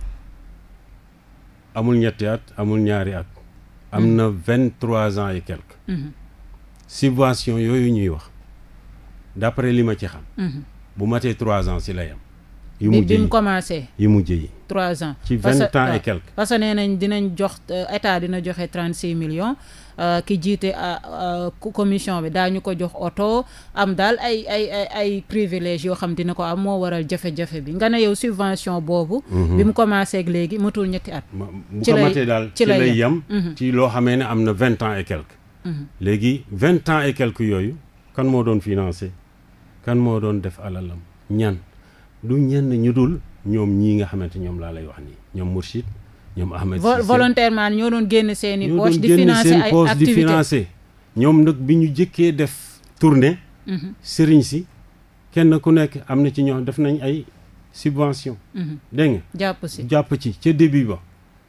S2: amul ñetti at amul ñaari at. am mhm. na vingt trois ans et quelques. Mhm. subvention yooyu ñuy wax d'après li ma ci xam. bu matee trois ans si lay am. yu mujj yi bi yu mujj yi. trois ans ci vingt ans et quelques.
S1: parce que nee dinañ jox euh, état dina joxe trente six million Euh, ki jiite euh, euh, commission bi daañu ko jox oto am daal ay ay ay ay privilèges yoo xam dina ko am moo waral jafe-jafe bi nga ne yow subvention boobu. Mhm. bi mu commencé léegi matul ñetti at. ci lay ci daal ci yem.
S2: Mhm. ci loo xamee ne am na vingt ans et quelques. Mhm. léegi vingt ans et quelques yooyu kan moo doon financé kan moo doon def alalam ñan du ñenn ñu dul ñoom ñii nga xamante ñoom laa lay wax nii ñoom Mourchid. ñoom Ahmed Cissé
S1: ñoo doon génn seen i poche di financer
S2: ñoom nag bi ñu jëkkee def tournée. Mhm. sëriñ si kenn ku nekk am na ci ñoo def nañ ay subvention mhm. dégg jàpp si jàpp ci ca début ba.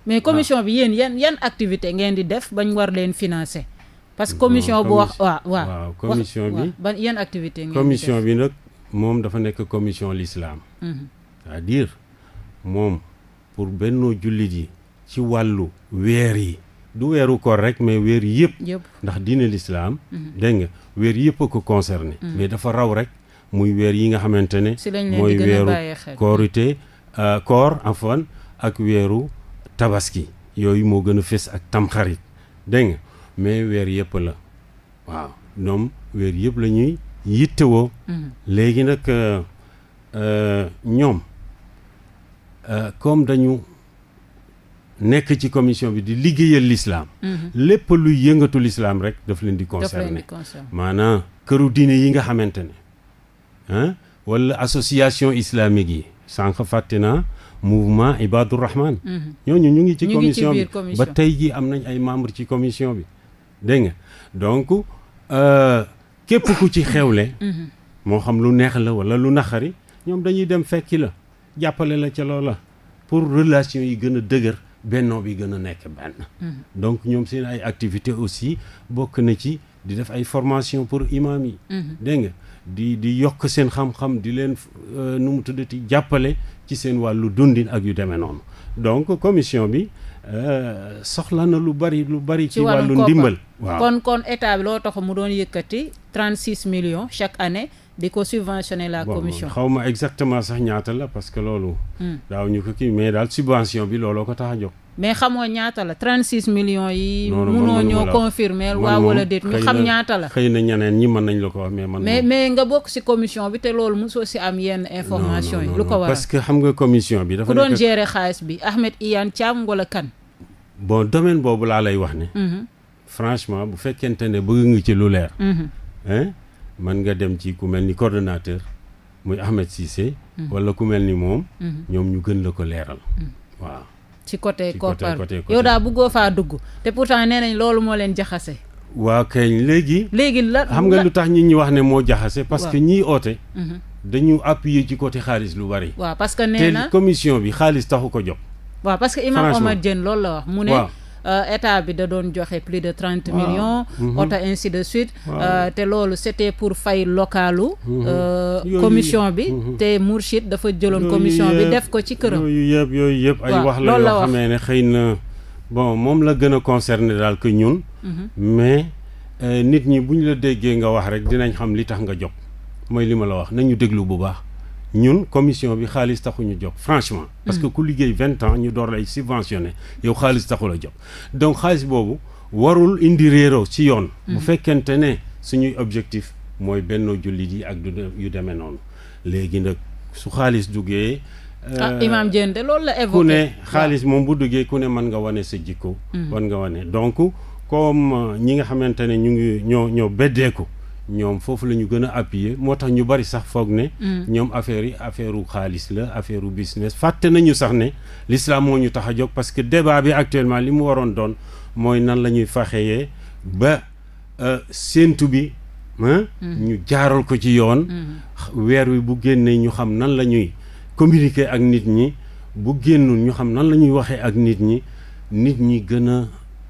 S1: mais commission bi yéen yan yan activité ngeen di def bañ war leen financer. parce que commission boo wax waaw waaw commission bi ban yan activité ngeen di def commission
S2: bi nag moom dafa nekk commission l'islam mhm. c'est-à-dire moom pour bennoo jullit yi ci wàllu weer yi du weeru koor rek mais weer yëpp ndax dina lislaam mhm. dégg nga weer yëpp a ko concerné mhm. mais dafa raw rek muy weer yi nga xamante ne mooy weeru koorite euh, koor afwan ak weeru tabaski yooyu moo gën a fés ak tamxarit dégg nga mais weer yëpp la waaw ñoom weer yëpp la ñuy yittewoo mhm. léegi nag euh, euh, ñoom comme dañu nekk ci commission bi di liggéeyal lislaam mhm. lépp luy yëngatu lislaam rek daf leen di ne maanaam këru diine yi nga xamante ne ah wala association islamique yi sànq fàtte naa mouvement Ibadur Rahman mhm. ñooñu ñu ngi ci commission bi ba tey ji am nañ ay membre ci commission bi dégg nga donc euh, képp ku ci xewle mhm. moo xam lu neex la wala lu naxari ñoom dañuy dem fekki la jàppale la ca loola pour relation yi gën a dëgër bennoo bi gën a nekk benn. Mhm. donc ñoom seen ay activité aussi bokk na ci di def ay formation pour imam yi. Mhm. dégg nga di di yokk seen xam-xam di leen euh, nu mu tuddati jàppale ci seen wàllu dundin ak yu demee noonu donc commission bi. Euh, soxla na lu bari lu bari. ci wàllu ndimbal
S1: waaw kon kon état bi loo tax mu doon yëkkati 36 million chaque année. di ko subventionné la commission xaw
S2: ma exactement sax ñaata la parce que loolu hmm. daaw ñu ko kii mais daal subvention bi looloo ko tax a jóg
S1: mais xamoo ñaata la 36 millions yi munoo ñoo confirmer waaw wala déet ñu xam ñaata la
S2: xëy na ñeneen ñi mën nañ la ko wax mais man mais
S1: mais nga bokk ci commission bi te loolu mosoo ci am yenn information yi lu ko waral parce
S2: que xam nga commission bi dafa ku doon domaine boobu laa lay wax ne mhm. franchement bu fekkente man nga dem ci ku mel ni coordonnateur muy Ahmed Cissé. Mm. wala ku mel ni moom. Mm-hmm. ñoom ñu gën la ko leeral.
S1: Mm. waaw ci côté. ci côté côté yow daa bëggoo faa dugg te pourtant nee nañ loolu moo leen jaxase.
S2: waa kay léegi. léegi la xam nga lu tax nit ñi wax ne moo jaxase. parce que ñiy oote. Mm-hmm. dañu appuyer ci côté xaalis lu bari.
S1: waa parce que nee na
S2: te bi xaalis taxu ko jóg.
S1: waaw parce que Imam loolu la wax mu ne. Euh, état bi da doon joxe plus de trente millions mhm. oto ainsi de suite euh, te loolu c'était pour fay localu mhm. euh, commission bi mhm. te Mourchid dafa jëloon commission bi def ko ci këram yooyu
S2: yëpp yooyu yëpp ay wax la yoo xamee ne xëy na bon moom la gën a concerné daal que ñun mais nit ñi bu ñu la déggee nga wax rek dinañ xam li tax nga jóg mooy li ma la wax nañu déglu bu baax ñun commission bi xaalis taxuñu jóg franchement parce que mm. ku liggéey vingt ans ñu door lay subventionné yow xaalis taxu la jóg donc xaalis boobu warul indi réeroo ci yoon mm. bu fekkente ne suñuy objectif mooy bennoo jullit yi ak yu demee noonu léegi nag su xaalis duggee ah euh, Imaam
S1: Diène de xaalis
S2: moom bu duggee ku ne mën nga wane sa jikko wan mm. nga wane donc comme ñi nga xamante ne ñu ngi ñoo ñoo beddeeku ñoom foofu la ñu gën a appuyer moo tax ñu bari sax foog ne. Mm. ñoom affaire yi affaire u xaalis la affaire u business fàtte nañu sax ne l'islam moo ñu tax a jóg parce que débat bi actuellement li mu waroon doon mooy nan la ñuy faxeyee ba euh, séentu bi. Mm. ñu jaaral ko ci yoon. Mm. weer wi bu génnee ñu xam nan la ñuy communiquer ak nit ñi bu génnul ñu xam nan la ñuy waxee ak nit ñi nit ñi gën a.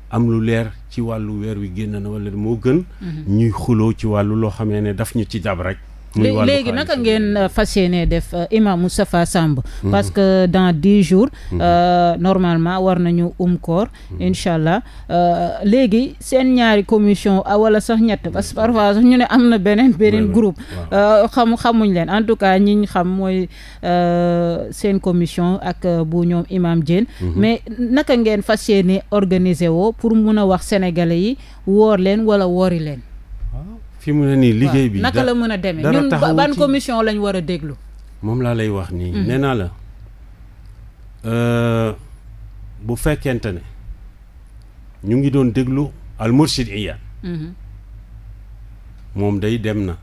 S2: am lu leer ci wàllu weer wi génn na wala moo gën mm-hmm. ñuy xuloo ci wàllu loo xam ne ne daf ñu ci dab rek léegi naka
S1: ngeen euh, fas yéene def euh, imam Moustapha Samb mhm. parce que dans dix jours mhm. euh, normalement war nañu um koor mhm. incha allah léegi seen ñaari commission ah, wala sax ñett parce que parfois sax ñu ne am na beneen beneen groupe xamu xamuñ leen en tout cas ñi ñu xam mooy seen commission ak bu ñoom imam Diène mais naka ngeen fas yéene organiser woo pour mun a wax sénégalais yi woor leen wala woori leen
S2: fi mu ne nii liggéey bi. naka la mën a demee ñun ban
S1: commission lañ war a déglu.
S2: moom laa lay wax nii. Mm-hmm. nee naa la euh, bu fekkente ne ñu ngi doon déglu almursid iya mm-hmm. moom day dem na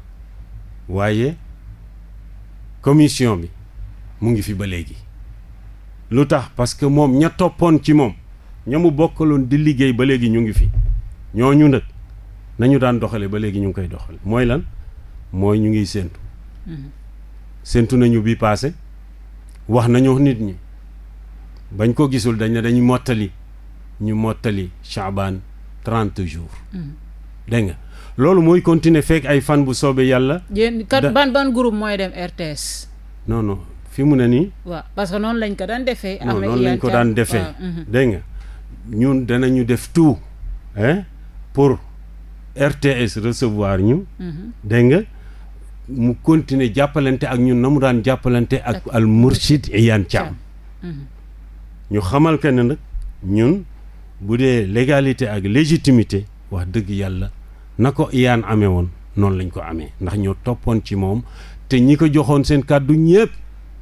S2: waaye commission bi mu ngi fi ba léegi. lu tax parce que moom ña toppoon ci moom ña mu bokkaloon di liggéey ba léegi ñu ngi fi ñooñu nag. nañu daan doxale ba léegi ñu ngi koy doxale mooy lan mooy ñu ngi séentu mhm. séentu nañu bi paase wax nañu nit ñi bañ ko gisul dañ ne dañu mottali ñu mottali chaban trente jours mhm. dégg nga loolu mooy continuer fekk ay fan bu soobee yàlla yéen kat
S1: ban ban groupe mooy dem RTS
S2: non non fi mu ne nii
S1: waaw parce que noonu lañ ko daan defee noonu lañ ko daan defee mhm.
S2: dégg nga ñun danañu def tout hein pour RTS resevoir ñu. Mhm. dégg nga mu continuer jàppalante ak ñun na mu daan jàppalante ak al Mourchid Iyane Thiam. Mhm. ñu xamal que ne nag ñun bu dee légalité ak légitimité wax dëgg yàlla na ko yaan amee woon noonu lañ ko amee ndax ñoo toppoon ci moom te ñi ko joxoon seen kàddu ñëpp.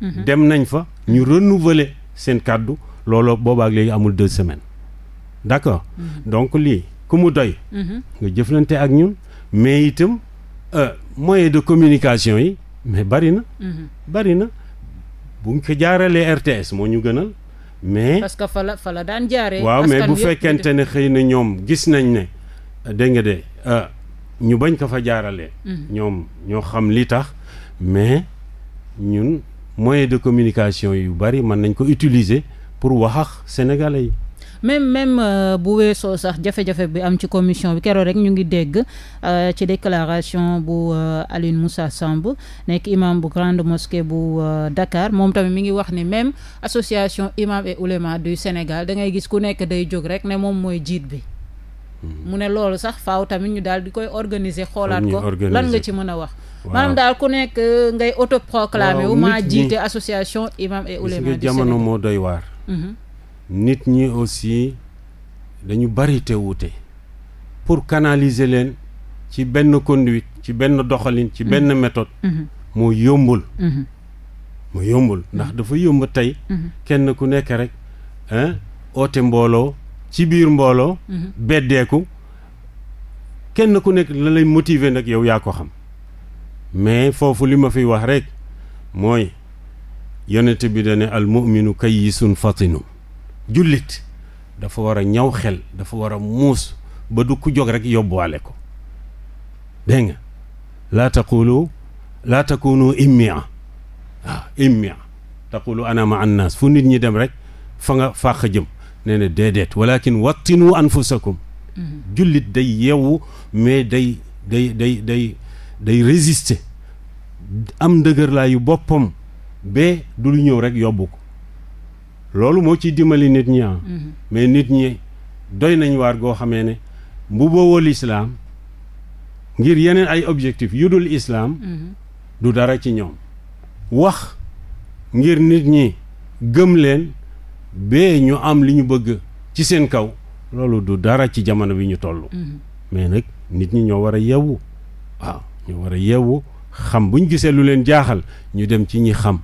S2: Mhm. dem nañ fa ñu renouveler seen kàddu looloo boobaak léegi amul deux semaine d' accord lii ku mu doy. Mm-hmm. nga jëflante ak ñun mais itam euh, moyen de communication yi mais bari na. Mm-hmm. bari na buñ ko jaaralee RTS moo ñu gënal. mais
S1: parce que fa la fa daan jaaree. waaw mais bu fekkente
S2: ne xëy na ñoom gis nañ ne dégg nga de euh, ñu bañ ko fa jaaralee. Mm-hmm. ñoom ñoo xam li tax mais ñun moyen de communication yu bari mën nañ ko utiliser pour wax ak sénégalais yi.
S1: même même euh, bu weesoo sax jafe-jafe bi am ci commission bi keroog rek ñu ngi dégg euh, ci déclaration bu euh, aline Moussa Samb nekk imam bu grande mosquée bu Dakar moom tamit mi ngi wax ni même association imam et ouléma du Sénégal da ngay gis ku nekk day jóg rek ne moom mooy jiit bi. Hmm. mu ne loolu sax faaw tamit ñu daal di koy organiser. xoolaat ko lan nga ci mën a wax. maanaam daal ku nekk ngay autoproclamé wu. maa jiite association imam et ouléma du Sénégal jamono moo doy waar. Mhm.
S2: nit ñi aussi dañu bari te wuute pour canaliser leen ci benn conduite ci benn doxalin ci benn mhm. méthode mhm. moo yombul mhm. moo yombul ndax dafa yomb tey kenn ku nekk rek oote mbooloo ci biir mbooloo beddeeku kenn ku nekk la motive motiver nag yow yaa ko xam mais foofu li ma fi wax rekk mooy yonent bi dane al muminu kayyisun fatinu jullit dafa war a ñaw xel dafa war a muus ba du ku jóg rek yóbbuwaale ko dégg nga laa taqulu laa takunu immia waaw ah, immia taqulu ana ma annaas fu nit ñi dem rek fa nga fàq jëm nee na déedéet walakin wattinu anfusakum mm-hmm. jullit day yeewu mais day day day day day résister am ndëgërlaayu boppam ba du lu ñëw rek yóbbu ko loolu moo ciy dimbali nit ñi ah. Mhm. mais nit ñi doy nañu waar goo xamee ne bu booboo lislaam ngir yeneen ay objectif yu dul islaam mhm. du dara ci ñoom wax ngir nit ñi gëm leen bee ñu am li ñu bëgg ci seen kaw loolu du dara ci jamono bi ñu toll mhm. mais nag nit ñi ñoo war a yeewu waaw ñoo war a yeewu xam bu ñu gisee lu leen jaaxal ñu dem ci ñi xam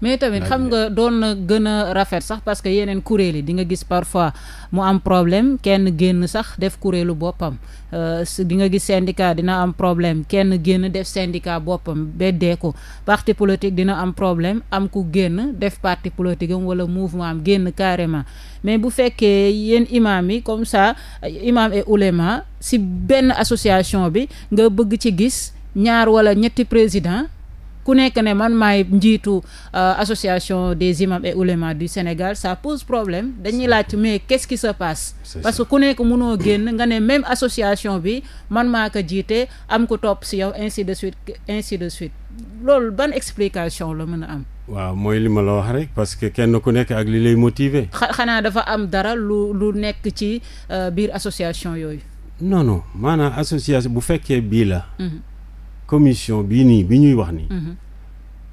S1: mais tamit xam nga doon na gën a rafet sax parce que yeneen kuréel yi di nga gis parfois mu am problème kenn génn sax def kuréelu boppam euh, di nga gis syndicat dina am problème kenn génn def syndicat boppam beddee ko parti politique dina am problème am ku génn def parti politique am wala mouvement am génn carrément mais bu fekkee yéen imam yi comme ça imam et ouléma si benn association bi nga bëgg ci gis ñaar wala ñetti président ku nekk ne man maay njiitu euh, association des imams et oulémas du Sénégal ça pose problème dañuy laaj mais qu'est-ce qui se passe parce que ku nekk mënoo génn nga ne même association bi man maa ko jiite am ku topp si yow ainsi de suite ainsi de suite loolu ban explication la mën a am
S2: waaw mooy li ma la wax rek parce que kenn ku nekk ak li lay motiver
S1: xanaa dafa am dara lu lu nekk ci euh, biir association yooyu
S2: non non maanaam association bu fekkee bii la mhm. commission bii nii bi ñuy wax nii. Mhm.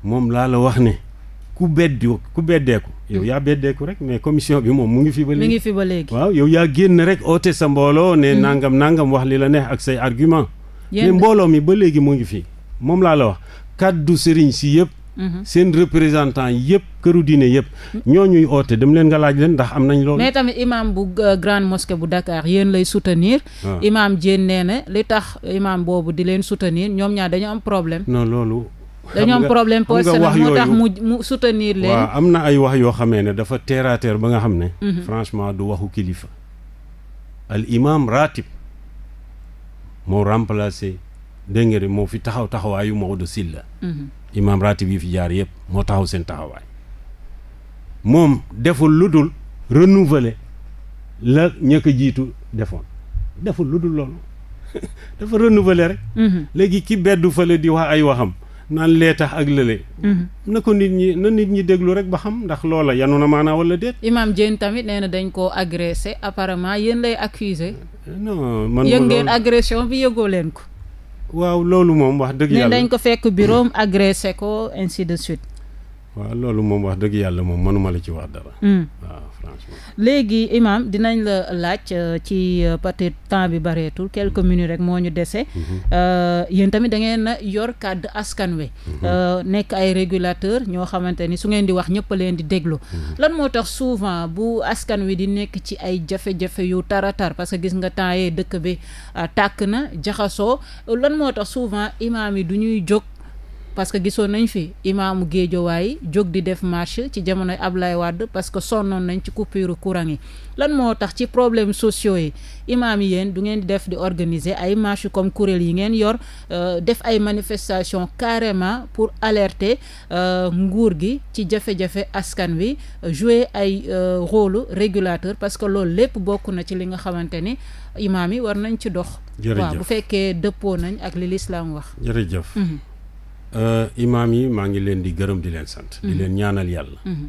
S2: moom laa la wax ne ku beddi ku beddeeku. yow mhm. yaa beddeeku rek mais commission bi moom mu ngi fi ba léegi. mu ngi waaw yow yaa génn rek oote sa mbooloo ne mhm. nangam nangam wax li la neex ak say argument. mais mbooloo mi ba léegi mu ngi fi moom laa la wax kàddu sëriñ si yëpp. Mhm. seen représentant yëpp këru diine yëpp. ñoo ñuy oote dem leen nga laaj leen ndax am nañ loolu. mais
S1: tamit imam bu euh, grande mosquée bu dakaar yéen lay soutenir. Ah. imam Diène nee na li tax imam boobu di leen soutenir ñoom ñaar dañu am problème.
S2: non loolu. dañoo am problème personnel moo tax
S1: mu soutenir leen.
S2: am na ay wax yoo xamee ne dafa terre ba nga xam ne. Mhm. franchement du waxu kilifa. al imam ratib moo remplacé dégg moo fi taxaw taxawaayu Maodo Sylla. Mhm. imaam ratib yi fi jaar yëpp moo taxaw seen taxawaay moom deful lu dul renouveler la ña jiitu defoon deful lu dul loolu dafa renouveler rek. Mhm. léegi ki beddu fële di wax ay waxam naan lee tax ak lële. Mhm. na ko nit ñi na nit ñi déglu rek ba xam ndax loola yanu na maanaa wala déet.
S1: imaam Dieng tamit nee na dañ koo agressé apparemment yéen lay accusé.
S2: non man yëg ngeen
S1: agression bi yëgoo leen ko.
S2: waaw loolu moom wax dëgg yàlla dañ ko
S1: fekk bureau agressé ko ainsi de suite
S2: waaw loolu moom wax dëgg yàlla moom mënuma la ci wax dara
S3: hmm. waaw
S1: léegi imam dinañ la laaj euh, ci euh, peut-être temps bi bareetul quelques mm-hmm. minutes rek moo ñu dese. Mm-hmm. Euh, yéen tamit da ngeen yor kàddu askan wi. Mm-hmm. nekk ay régulateur ñoo xamante ni su ngeen di wax ñëpp leen di déglu. lan moo tax souvent bu askan wi di nekk ci ay jafe-jafe yu taratar parce que gis nga temps yee dëkk bi tàkk na jaxasoo lan moo tax souvent imaam yi du ñuy jóg. parce que gisoon nañ fi imaamu Géejawaay jóg di def marche ci jamonoy Ablaye Wade parce que sonnoon nañ ci coupure courant yi lan moo tax ci problème sociaux yi imaam yi yéen du ngeen def di organiser ay marche comme kuréel yi ngeen yor euh, def ay manifestation carrément pour alerter euh, nguur gi ci jafe-jafe askan wi jouer ay euh, rôle régulateur parce que loolu lépp bokk na ci li nga xamante ni imaam yi war nañ ci dox waaw bu fekkee dëppoo nañ ak li lislaam wax
S2: Euh, imaam yi maa ngi leen di gërëm di leen sant. di mhm. leen ñaanal yàlla. Mhm.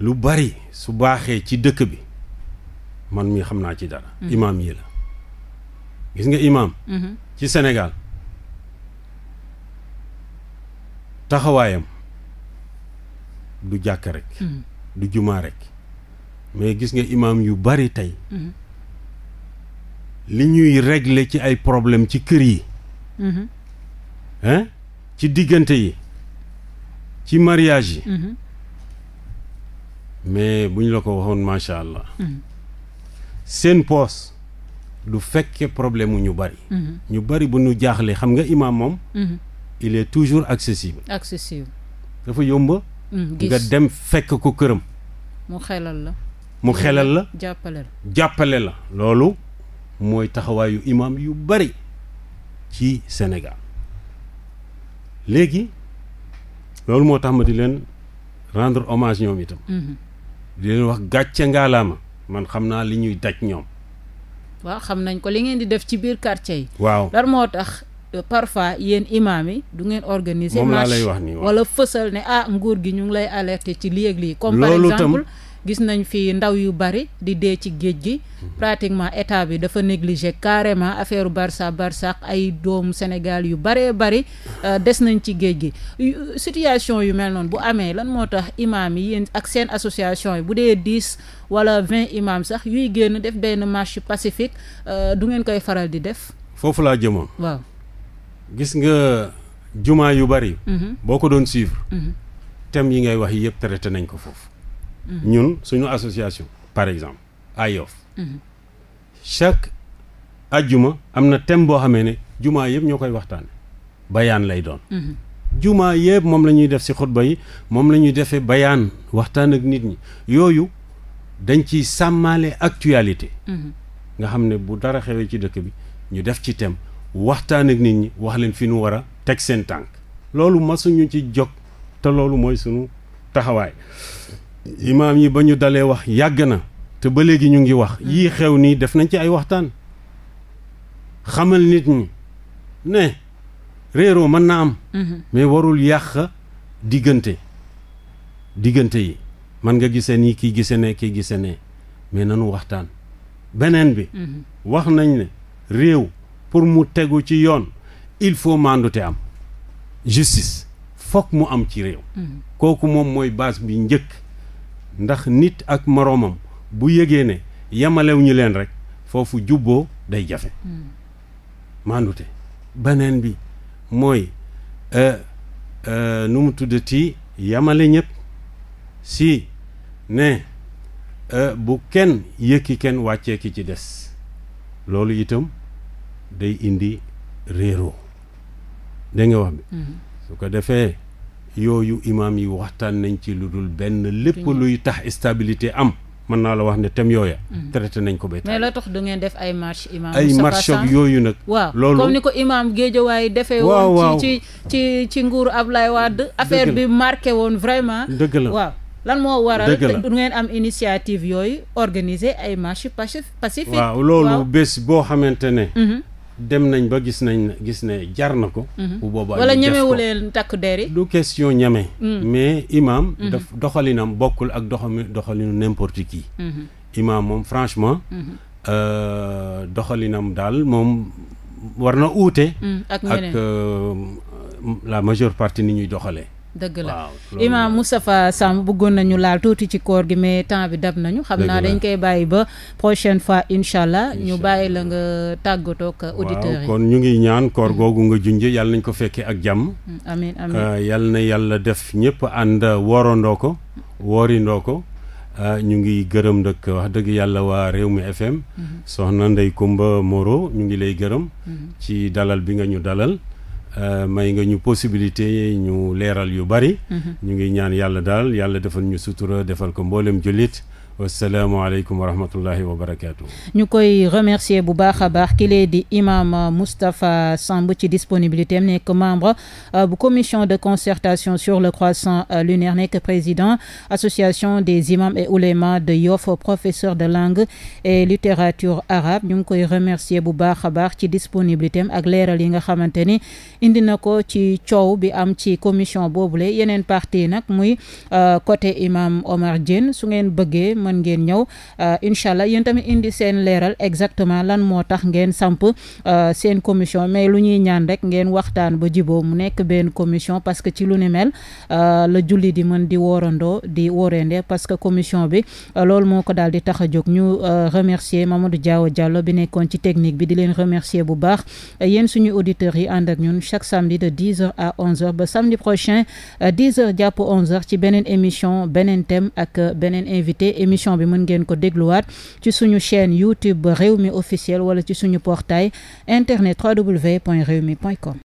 S2: lu bari su baaxee ci dëkk bi man mi xam naa ci dara. Mhm. imaam yi la gis nga imaam. ci Sénégal taxawaayam du jàkk rek. du jumaa rekk mais gis nga imaam yu bari tey. li ñuy regle ci ay problème ci kër yi. ci diggante yi ci mariage yi. Mm-hmm. mais bu ñu la ko waxoon macha allah. Mm-hmm. seen poos du fekkee problème mu ñu bari. Mm-hmm. ñu bari bu ñu jaaxle xam nga imaam moom. il est toujours accessible.
S1: accessible. dafa yomb. Mm, nga dem
S2: fekk ko këram.
S1: mu xelal la. mu xelal la jàppale la
S2: jàppale la. loolu mooy taxawaayu imaam yu bari ci Sénégal. léegi loolu moo tax ma di leen rendre hommage ñoom itam. Mhm. di leen wax gàcce ngaalaama man xam naa li ñuy daj ñoom.
S1: waaw xam nañ ko li ngeen di def ci biir quartier yi. waaw lan moo tax euh, parfois yéen imaam yi du ngeen organiser. moom laa lay wax nii wala fësal ne ah nguur gi ñu ngi lay alerter ci li ak lii. comme par exemple gis nañ fi ndaw yu bari di dee ci géej gi mhm. pratiquement état bi dafa négligé carrément affaire Barça Barsax ay doomu Sénégal yu baree bari mhm. euh, des nañ ci géej gi situation yu mel noonu bu amee lan moo tax imaam yi yéen ak seen association yi bu dee dix wala vingt imaam sax yuy génn def benn marche pacifique euh, du ngeen koy faral di def
S2: foofu laa jëmoon waaw gis nga jumaa yu bari mhm. boo ko doon suivre thème yi ngay wax yëpp traité nañ ko foofu ñun suñu association par exemple ayof chaque ajjuma am na thème boo xamee ne jumaa yëpp ñoo koy waxtaane bayaan lay doon jumaa yëpp moom la ñuy def si xutba yi moom la ñuy defee bayaan waxtaan ak nit ñi yooyu dañ ciy sàmmaale actualité nga xam ne bu dara xewee ci dëkk bi ñu def ci thème waxtaan ak nit ñi wax leen fi nu war a teg seen tànk loolu masuñu ci jog te loolu mooy sunu taxawaay imaam yi ba ñu dalee wax yàgg na te ba léegi ñu ngi wax yii xew nii def nañ ci ay waxtaan xamal nit ñi ne réeroo mën na am mhm. mais warul yàq diggante diggante yi man nga gisee nii kii gisee ne kii gisee ne mais nanu waxtaan beneen bi mhm. wax nañ ne réew pour mu tegu ci yoon il faut mandute am justice fokk mu am ci réew mhm. kooku moom mooy base bi njëkk ndax nit ak moroomam bu yégee ne yamalew ñu leen rek foofu jubboo day jafe hmm. maandute beneen bi mooy euh, euh, nu mu tuddati yamale ñëpp si ne euh, bu kenn yëkki kenn wàccee ki ci des loolu itam day indi réeroo dégg wax bi hmm. su ko defee yooyu imaam yi waxtaan nañ ci lu dul benn lépp luy tax stabilité am mën naa la wax ne thème yooya. Mm. traité nañ ko ba. mais
S1: loo tax du ngeen def ay marche imaam. ay marche
S2: yooyu nag. waaw comme ni ko
S1: imaam Géejawaay defee woon ci ci ci nguuru Ablaye Wade. affaire bi marqué woon vraiment. dëgg la waaw lan moo waral. du ngeen am initiative yooyu organiser ay marche pacifique. waaw loolu
S2: bés boo xamante ne. Mm-hmm. dem nañ ba gis nañ gis ne jar na ko. Mhm. bu boobaa wala ñemewu leen takk der yi du question ñeme. Mm. mais imaam. Mhm. daf doxalinam bokkul ak doxami doxalinu n'importe qui. Mhm. imaam moom franchement. Euh, doxalinam daal moom war na uute. Mm, ak euh, la majeure partie ni ñuy doxalee.
S1: dëgg la Imam Moustapha Samb bëggoon nañu laal tuuti ci koor gi mais temps bi dab nañu xam naa dañ koy bàyyi ba prochaine fois incha allah ñu bàyyi la nga tàggatoo ak auditeurs yi
S2: kon ñu ngi ñaan koor googu nga junje yàlla nañ ko fekkee ak jàmm mm,
S1: amin amin euh,
S2: yàlla na yàlla def ñëpp ànd woorandoo ko woorindoo ko euh, ñu ngi gërëm nag wax dëgg yàlla waa réew mi FM mm-hmm. soxna Ndey Kumba Moro ñu ngi lay gërëm mm-hmm. ci dalal bi nga ñu dalal Euh, may nga ñu possibilité ñu leeral yu bari. Mhm. ñu ngi ñaan yàlla daal yàlla defal ñu sutura defal ko mbooleem jullit. wasalaamaaleykum wa rahmatullahi wa barakaatu.
S1: ñu koy remercier bu baax a baax kile di imam Moustapha Samb ci disponibilité am nekk membre euh, bu commission de concertation sur le croissant euh, lunaire nekk président association des imams et oulémas de Yoff professeur de langue et littérature arabe ñu ngi koy remercier bu baax a baax ci disponibilité am ak leeral yi nga xamante ni indi na ko ci coow bi am ci commission boobule yeneen parti nag muy euh, côté imam Omar Diène su ngeen bëggee. mën ngeen ñëw euh, incha allah yéen tamit indi seen leeral exactement lan moo tax ngeen samp euh, seen commission mais lu ñuy ñaan rek ngeen waxtaan ba jiboo mu nekk benn commission parce que ci lu ni mel euh, la julli di mën di woorandoo di wóoreende parce que commission bi loolu moo ko daal di tax a jóg ñu remercier Mamadou Diaw Diallo bi nekkoon ci technique bi di leen remercier bu baax yéen suñu auditeurs yi ànd ak ñun chaque samedi de 10 à 11 ba samedi prochain émission bi mën ngeen ko dégluwaat ci suñu chaîne YouTube mi officiel wala ci suñu portail internet réew www.rewmi.com